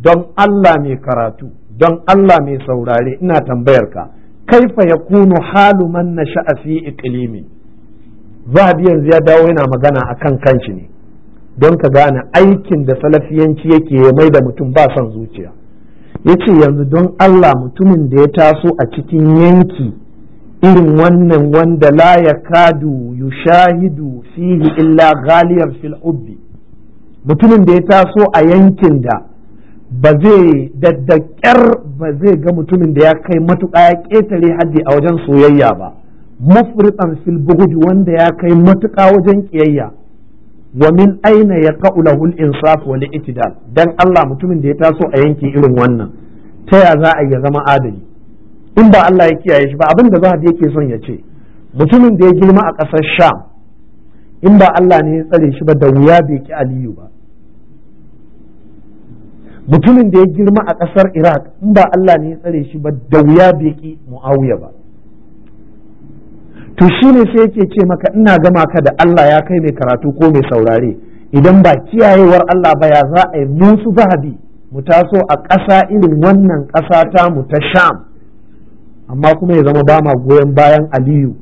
don Allah mai karatu don Allah mai saurare ina tambayar ka kaifa kunu halu man nasha'a fi iqlimi Zahab yanzu ya dawo yana magana a kan kanshi ne don ka gane aikin da salafiyanci yake ya mai da mutum ba son zuciya yace yanzu don Allah mutumin da ya taso a cikin yanki irin wannan wanda la ya kadu yushahidu fihi illa ghaliyar fil mutumin da ya taso a yankin da ba zai daddakyar ba zai ga mutumin da ya kai matuƙa ya ƙetare haddi a wajen soyayya ba mufritan fil wanda ya kai matuƙa wajen ƙiyayya wa min aina ya lahu al insaf wal itidal dan Allah mutumin da ya taso a yanki irin wannan ta ya za a ya zama adali in ba Allah ya kiyaye shi ba abin da zahabi yake son ya ce mutumin da ya girma a ƙasar sham in ba Allah ne ya tsare shi ba da wuya bai ki aliyu ba mutumin da ya girma a ƙasar iraq in ba Allah ne ya tsare shi ba da wuya bai ki muawiya ba to shi ne sai yake ce maka ina gama ka da Allah ya kai mai karatu ko mai saurare idan ba kiyayewar Allah ba ya za a yi musu zahabi mu taso a ƙasa irin wannan ƙasa ta mu ta sham amma kuma ya zama ba ma goyon bayan aliyu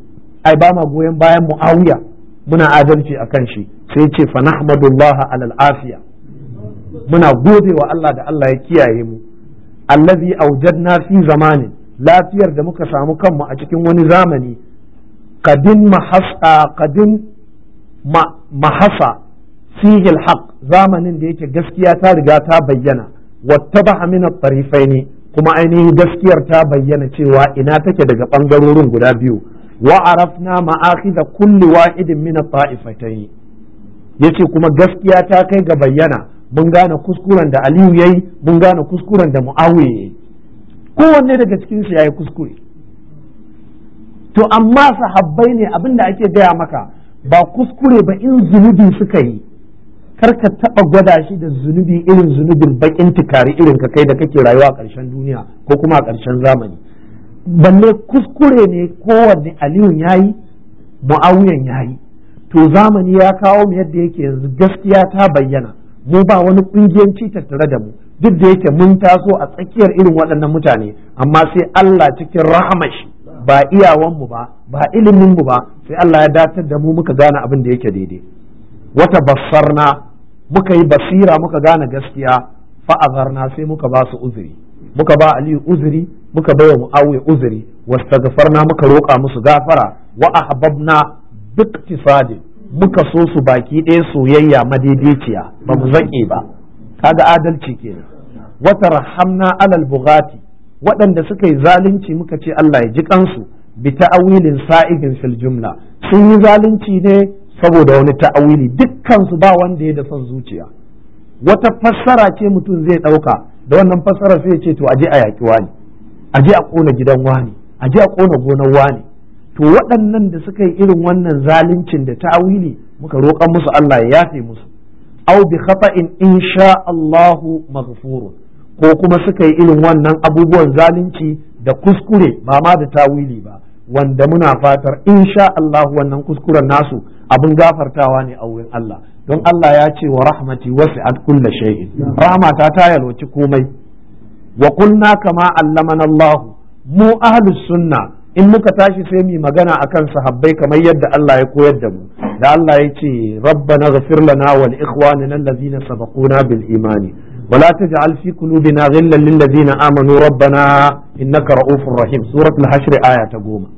ai ba ma goyon bayan muawiya muna adalci a kan shi sai ce fa nahmadullah alal afiya muna gode wa Allah da Allah ya kiyaye mu allazi awjadna fi zamanin lafiyar da muka samu kanmu a cikin wani zamani kadin mahasa kadin mahasa zamanin da yake gaskiya ta riga ta bayyana wattaba min at-tarifaini kuma ainihin gaskiyar ta bayyana cewa ina take daga ɓangarorin guda biyu wa arafna ma'akhidha kulli wahidin min at Ya yace kuma gaskiya ta kai ga bayyana mun gane kuskuren da Aliyu yayi mun gane kuskuren da Muawiya yayi kowanne daga cikin su yayi kuskure to amma sahabbai ne abinda ake gaya maka ba kuskure ba in zunubi suka yi kar ka taɓa gwada shi da zunubi irin zunubin bakin tukari irin ka kai da kake rayuwa a ƙarshen duniya ko kuma a ƙarshen zamani balle kuskure ne kowanne aliyun yayi mu'awiyan yi. to zamani ya kawo mu yadda yake yanzu gaskiya ta bayyana mu ba wani ƙungiyanci tattare da mu duk da yake mun taso a tsakiyar irin waɗannan mutane amma sai Allah cikin rahamashi ba iyawanmu ba ba iliminmu ba sai Allah ya datar da mu muka gane abin da yake daidai wata basarna muka yi basira muka gane gaskiya fa'azarna sai muka ba su uzuri muka ba aliyu uzuri muka bai wa mu'awiya uzuri wastaghfarna muka roƙa musu gafara wa ahbabna duk tisadi muka so su baki ɗaya soyayya madaidaiciya ba mu zaƙe ba kaga adalci kenan wata rahamna alal bugati waɗanda suka yi zalunci muka ce Allah ya ji kansu bi ta'awilin sa'ihin fil jumla sun yi zalunci ne saboda wani ta'awili dukkan su ba wanda ya da son zuciya wata fassara ce mutum zai ɗauka da wannan fassara sai ya ce to aje a yaƙi wani aje a ƙona gidan wani aje a ƙona gonar wani to waɗannan da suka yi irin wannan zaluncin da ta'awili muka roƙan musu Allah ya yafe musu au bi khata'in insha Allahu maghfurun ko kuma suka yi irin wannan abubuwan zalunci da kuskure ba ma da tawili ba wanda muna fatar insha Allah wannan kuskuren nasu abin gafartawa ne a wurin Allah don Allah ya ce wa rahmati wasi'at kulla shay'in rahmata ta yalwaci komai wa kunna kama allamana Allah mu ahlus sunna in muka tashi sai mu magana akan sahabbai kamar yadda Allah ya koyar da mu da Allah ya ce rabbana ghfir lana ikwani na ikhwanina alladhina sabaquna bil imani wa la taj'al fi qulubina ghillan lil ladina amanu rabbana innaka ra'ufur rahim suratul hashr aya ta goma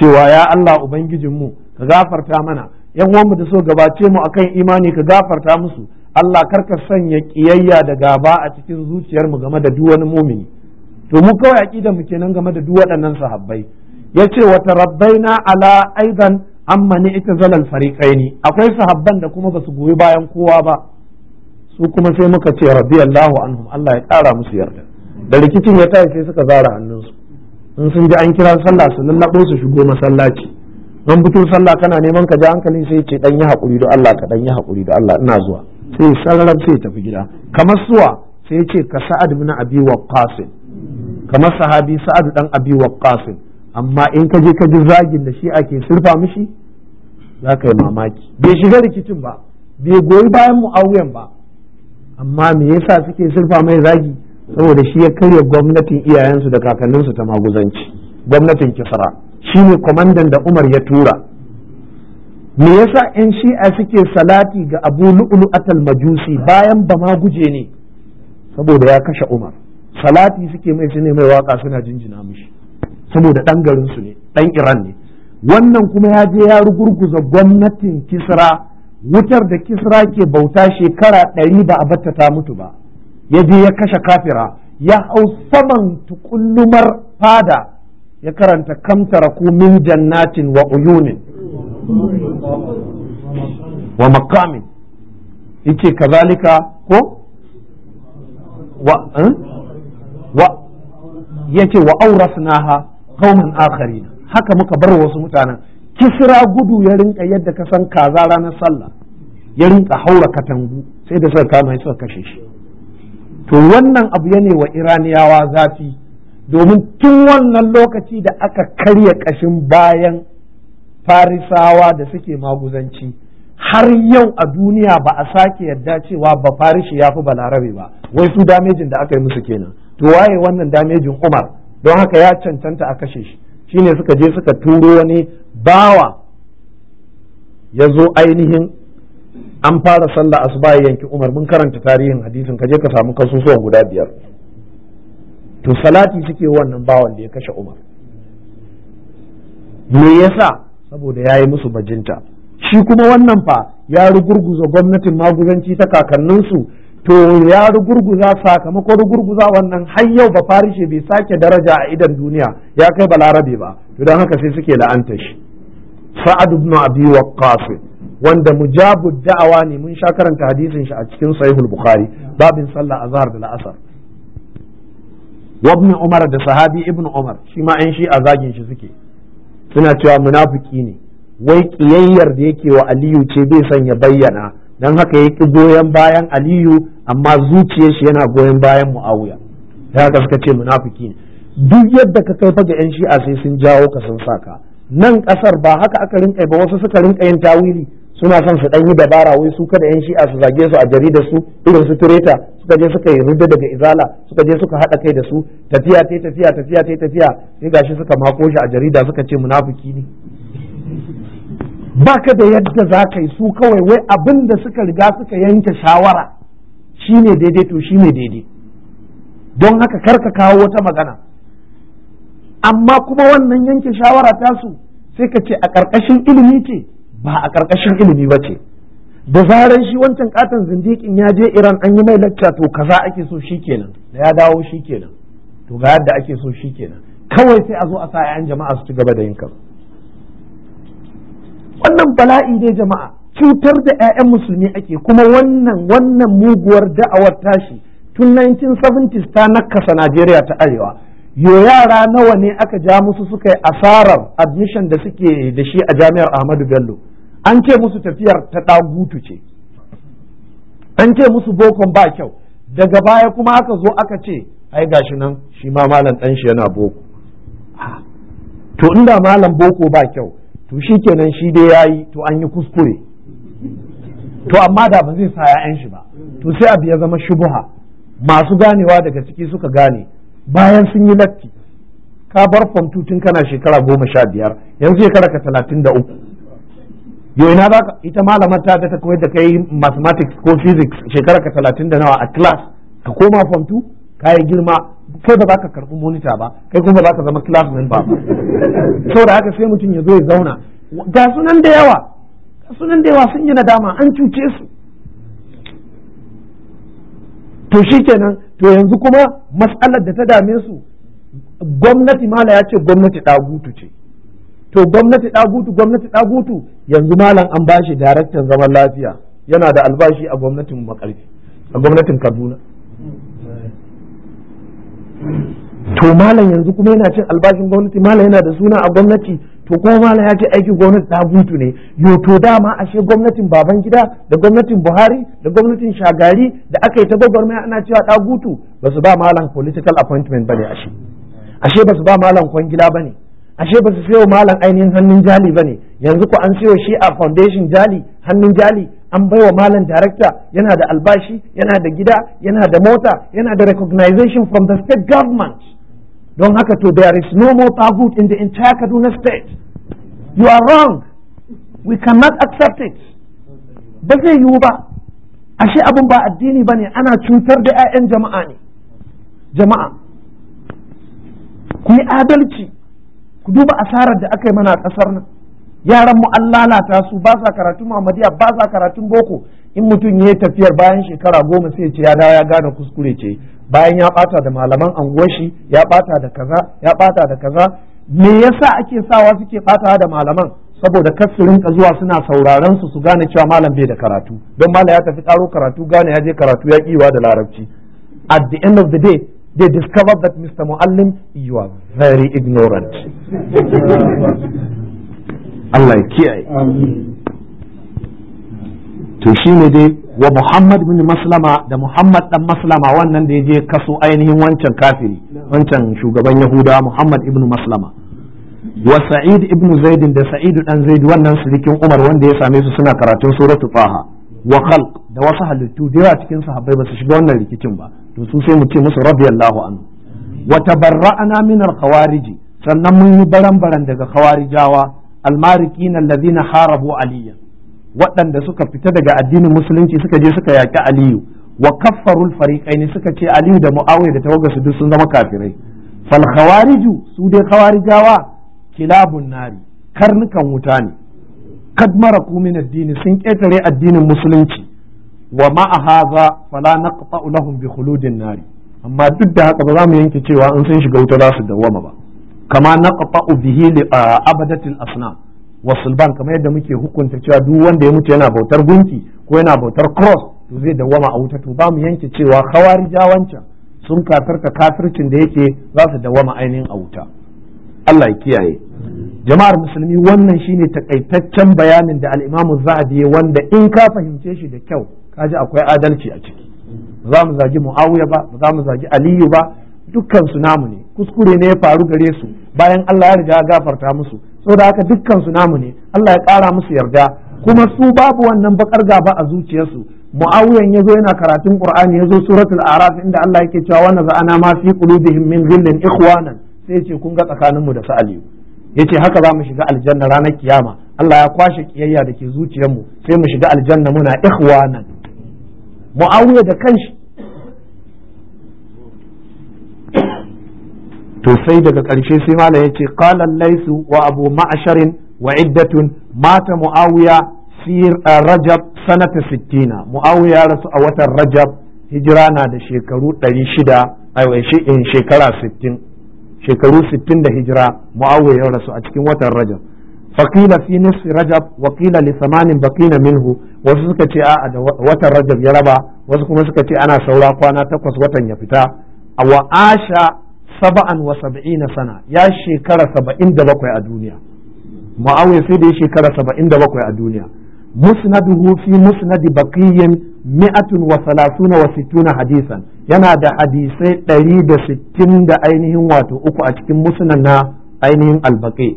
cewa ya Allah ubangijin mu ka gafarta mana yan mu da so gabace mu akan imani ka gafarta musu Allah karka sanya kiyayya da gaba a cikin zuciyarmu game da duk wani mumini to mu kawai aqida mu kenan game da duk waɗannan sahabbai yace wa tarabbaina ala aidan amma ni ita zalal fariqaini akwai sahabban da kuma basu goyi bayan kowa ba su kuma sai muka ce radiyallahu anhum Allah ya kara musu yarda da rikicin ya tafi sai suka zara hannunsu in sun ji an kira sallah su lallabo su shigo masallaci don fito sallah kana neman ka ja hankalin sai ce dan yi hakuri da Allah ka dan yi hakuri da Allah ina zuwa sai sararab sai tafi gida kamar suwa sai ya ce ka sa'ad bin abi waqqas kamar sahabi sa'ad dan abi waqqas amma in ka je ka ji zagin da shi ake surfa mishi za ka yi mamaki bai shiga rikicin ba bai goyi bayan mu'awiyan ba amma me yasa suke surfa mai zagi saboda shi ya karya gwamnatin iyayensu da kakanninsu ta maguzanci gwamnatin kisra Shi ne kwamandan da umar ya tura me yasa 'yan shi'a suke salati ga abu lu'ulu atal majusi bayan ba ma guje ne saboda ya kashe umar salati suke mai shi ne mai waka suna jinjina mishi saboda ɗan garinsu ne ɗan iran ne wannan kuma ya je ya rugurguza gwamnatin kisra wutar da kisra ke bauta shekara ɗari ba a batta ta mutu ba ya je ya kashe kafira ya hau saman tukullumar fada ya karanta kamtara ku min jannatin wa uyunin wa makamin yake kazalika ko wa eh? wa yake wa aurasnaha qauman akharina haka muka bar wasu mutanen kisra gudu ya rinka yadda ka san kaza ranar sallah ya rinka haura katangu sai da suka kama suka kashe shi to wannan abu ya wa iraniyawa zafi domin tun wannan lokaci da aka karya ƙashin bayan farisawa da suke maguzanci har yau a duniya ba a sake yarda cewa ba farishi ya fi balarabe ba wai su damejin da aka yi musu kenan to waye wannan damejin umar don haka ya cancanta a kashe shi shine suka je suka turo wani bawa ya zo ainihin an fara sallah asuba yanki umar mun karanta tarihin hadisin ka je ka samu kasusuwan guda biyar to salati suke wannan bawan da ya kashe umar me yasa saboda yayi musu bajinta shi kuma wannan fa ya rugurguza gwamnatin maguzanci ta kakanninsu to ya rugurguza sakamakon rugurguza wannan har yau ba farishe bai sake daraja a idan duniya ya kai balarabe ba to don haka sai suke la'anta shi sa'ad ibn abi waqqas wanda mujabud da'awa ne mun sha karanta hadisin shi a cikin sahihul bukhari babin sallah azhar da la'asar wa ibn umar da sahabi ibn umar shi ma an shi a zagin shi suke suna cewa munafiki ne wai kiyayyar da yake wa aliyu ce bai son ya bayyana dan haka ya ki goyon bayan aliyu amma zuciyar shi yana goyon bayan muawiya da haka suka ce munafiki ne duk yadda ka kai fa ga yan shi'a sai sun jawo ka sun saka nan kasar ba haka aka rinka ba wasu suka rinka yin tawili suna son su ɗan yi dabara wai su kada yan shi'a su zage su a jarida su irin su tureta suka je suka yi rudda daga izala suka je suka haɗa kai da su tafiya ta tafiya tafiya ta tafiya sai gashi suka mako shi a jarida suka ce munafiki ne Ba ka da yadda za ka yi su kawai wai abin da suka riga suka yanke shawara shi ne daidai to shi ne daidai don haka kar ka kawo wata magana amma kuma wannan yanke shawara tasu sai ka ce a ƙarƙashin ilimi ce ba a ƙarƙashin ilimi ba ce da zaran shi wancan katon zindikin ya je iran an yi mai lacca to kaza ake so kenan, da ya dawo shi kenan, to ga yadda ake so kenan, kawai sai a zo a sa 'ya'yan jama'a su ci gaba da yin kaza wannan bala'i ne jama'a cutar da 'ya'yan musulmi ake kuma wannan wannan muguwar da'awar tashi tun 1970s ta nakasa najeriya ta arewa yo yara nawa ne aka ja musu suka yi asarar admission da suke da shi a jami'ar ahmadu bello an ce musu tafiyar ta ɗagutu ce an ce musu bokon ba kyau daga baya kuma aka zo aka ce ai gashi nan shi ma malam ɗan shi yana boko to inda malam boko ba kyau to shi kenan shi dai ya yi, to an yi kuskure to amma da ba zai sa ya'yan shi ba to sai abu ya zama shubuha masu ganewa daga ciki suka gane bayan sun yi latti ka bar fom tun kana shekara goma sha biyar yanzu shekara ka talatin da uku yau ina za ka ita malamar ta ta koyar da kai mathematics ko physics shekara ka talatin da nawa a class ka koma form 2 ka yi girma kai ba ka karɓi monitor ba kai kuma ba ka zama class member ba saboda haka sai mutum ya zo ya zauna ga sunan da yawa sunan da yawa sun yi nadama an cuce su to shi shikenan to yanzu kuma matsalar da ta dame su gwamnati mala ya ce gwamnati ɗagutu ce to gwamnati ɗagutu gwamnati ɗagutu yanzu malam an bashi daraktan zaman lafiya yana da albashi a gwamnatin makarfi a gwamnatin kaduna to malam yanzu kuma yana cin albashin gwamnati malam yana da suna a gwamnati to kuma malam ya ce aiki gwamnati ta ne yo to dama ashe gwamnatin baban gida da gwamnatin buhari da gwamnatin shagari da aka yi ta gwagwarmaya ana cewa ta ba su ba malam political appointment ba ne ashe ashe ba su ba malam kwangila ba ne ashe ba su sayo malam ainihin hannun jali ba ne yanzu ko an sayo shi a foundation jali hannun jali an baiwa malam director yana da albashi yana da gida yana da mota yana da recognition from the state government don haka to there is no more tagut in the entire kaduna state you are wrong we cannot accept it ba zai yiwu ba ashe abun ba addini ba ne ana cutar da 'ya'yan jama'a ne jama'a ku yi adalci ku duba asarar da aka yi mana a ƙasar nan yaran mu an lalata su ba sa karatun Muhammadiyya ba sa karatun boko in mutum ya yi tafiyar bayan shekara goma sai ce ya dawo ya gane kuskure ce bayan ya bata da malaman anguwar ya bata da kaza ya bata da kaza me yasa ake sawa suke bata da malaman saboda kasirin ka zuwa suna sauraron su su gane cewa malam bai da karatu don malam ya tafi karo karatu gane ya je karatu ya kiwa da larabci at the end of the day they discovered that Mr. Muallim, you are very ignorant. Allah ya kiyaye. To shi ne dai wa Muhammad bin Maslama da Muhammad dan Maslama wannan da ya je kaso ainihin wancan kafiri, wancan shugaban Yahuda Muhammad ibn Maslama. Wa Sa'id ibn Zaid da Sa'id dan Zaid wannan sirikin Umar wanda ya same su suna karatun suratul faha wa khalq da wasu halittu da yawa cikin sahabbai ba su shiga wannan rikicin ba. to su sai mu ce musu radiyallahu anhu wa tabarra'na min al-khawarij sannan mun yi baran-baran daga khawarijawa al na allazina harabu aliyan waɗanda suka fita daga addinin musulunci suka je suka yaƙi aliyu wa kaffarul fariqaini suka ce aliyu da muawiya da tawaga su duk sun zama kafirai fal khawariju su dai khawarijawa kilabun nari karnukan wuta ne kad mara kumin addini sun ƙetare addinin musulunci wa ma'a hadha fala na lahum bi khuludin Nari. amma duk da haka ba za mu yanke cewa in sun shiga wuta za su wama ba kama na naqta'u bihi li abadatil asnam wa sulban kamar yadda muke hukunta cewa duk wanda ya mutu yana bautar gunki ko yana bautar cross to zai wama a wuta to ba mu yanke cewa jawancan sun kafirta kafircin da yake za su wama ainihin a wuta Allah ya kiyaye jama'ar musulmi wannan shine takaitaccen bayanin da al-Imam Zahabi wanda in ka fahimce shi da kyau kaji akwai adalci a ciki ba za mu zagi muawiya ba ba za mu zagi aliyu ba dukkan su namu ne kuskure ne ya faru gare su bayan Allah ya riga gafarta musu saboda haka dukkan su namu ne Allah ya kara musu yarda kuma su babu wannan bakar gaba a zuciyarsu muawiyan zo yana karatun qur'ani yazo suratul araf inda Allah yake cewa wa naza'ana ma fi qulubihim min ghillin ikhwanan sai ce kun ga tsakaninmu da su aliyu yace haka za mu shiga aljanna ranar kiyama Allah ya kwashe kiyayya da ke zuciyarmu sai mu shiga aljanna muna ikhwanan mu'awiya da kanshi to sai daga ƙarshe sai mala ya ce ƙalan laisu wa abu ma'asharin wa iddatun mata mu'awiya a rajab sanata sittina mu'awiya rasu a watan rajab hijira na da shekaru ɗari shida eh, shekara sittin shekaru sittin da hijira mu'awiya ya rasu a cikin watan rajab faqila fi rajab wakila qila li samanin wasu suka ce a'a da watan rajab ya raba wasu kuma suka ce ana saura kwana takwas watan ya fita wa asha saba'an wa sab'ina sana ya shekara saba'in da bakwai a duniya mu'awiya sai da ya shekara saba'in da bakwai a duniya musnaduhu fi musnadi baqiyyin hadisan yana da hadisai ɗari da sittin da ainihin wato uku a cikin musnad na ainihin albaqi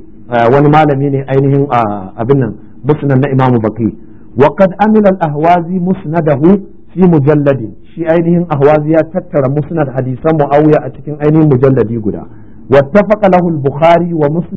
wani malami ne ainihin abin nan musnad na imamu baki wa qad amila al-ahwazi musnadahu fi mujalladin shi ainihin ahwazi ya tattara musnad hadisan muawiya a cikin ainihin mujalladi guda wattafaqa lahu al-bukhari wa muslim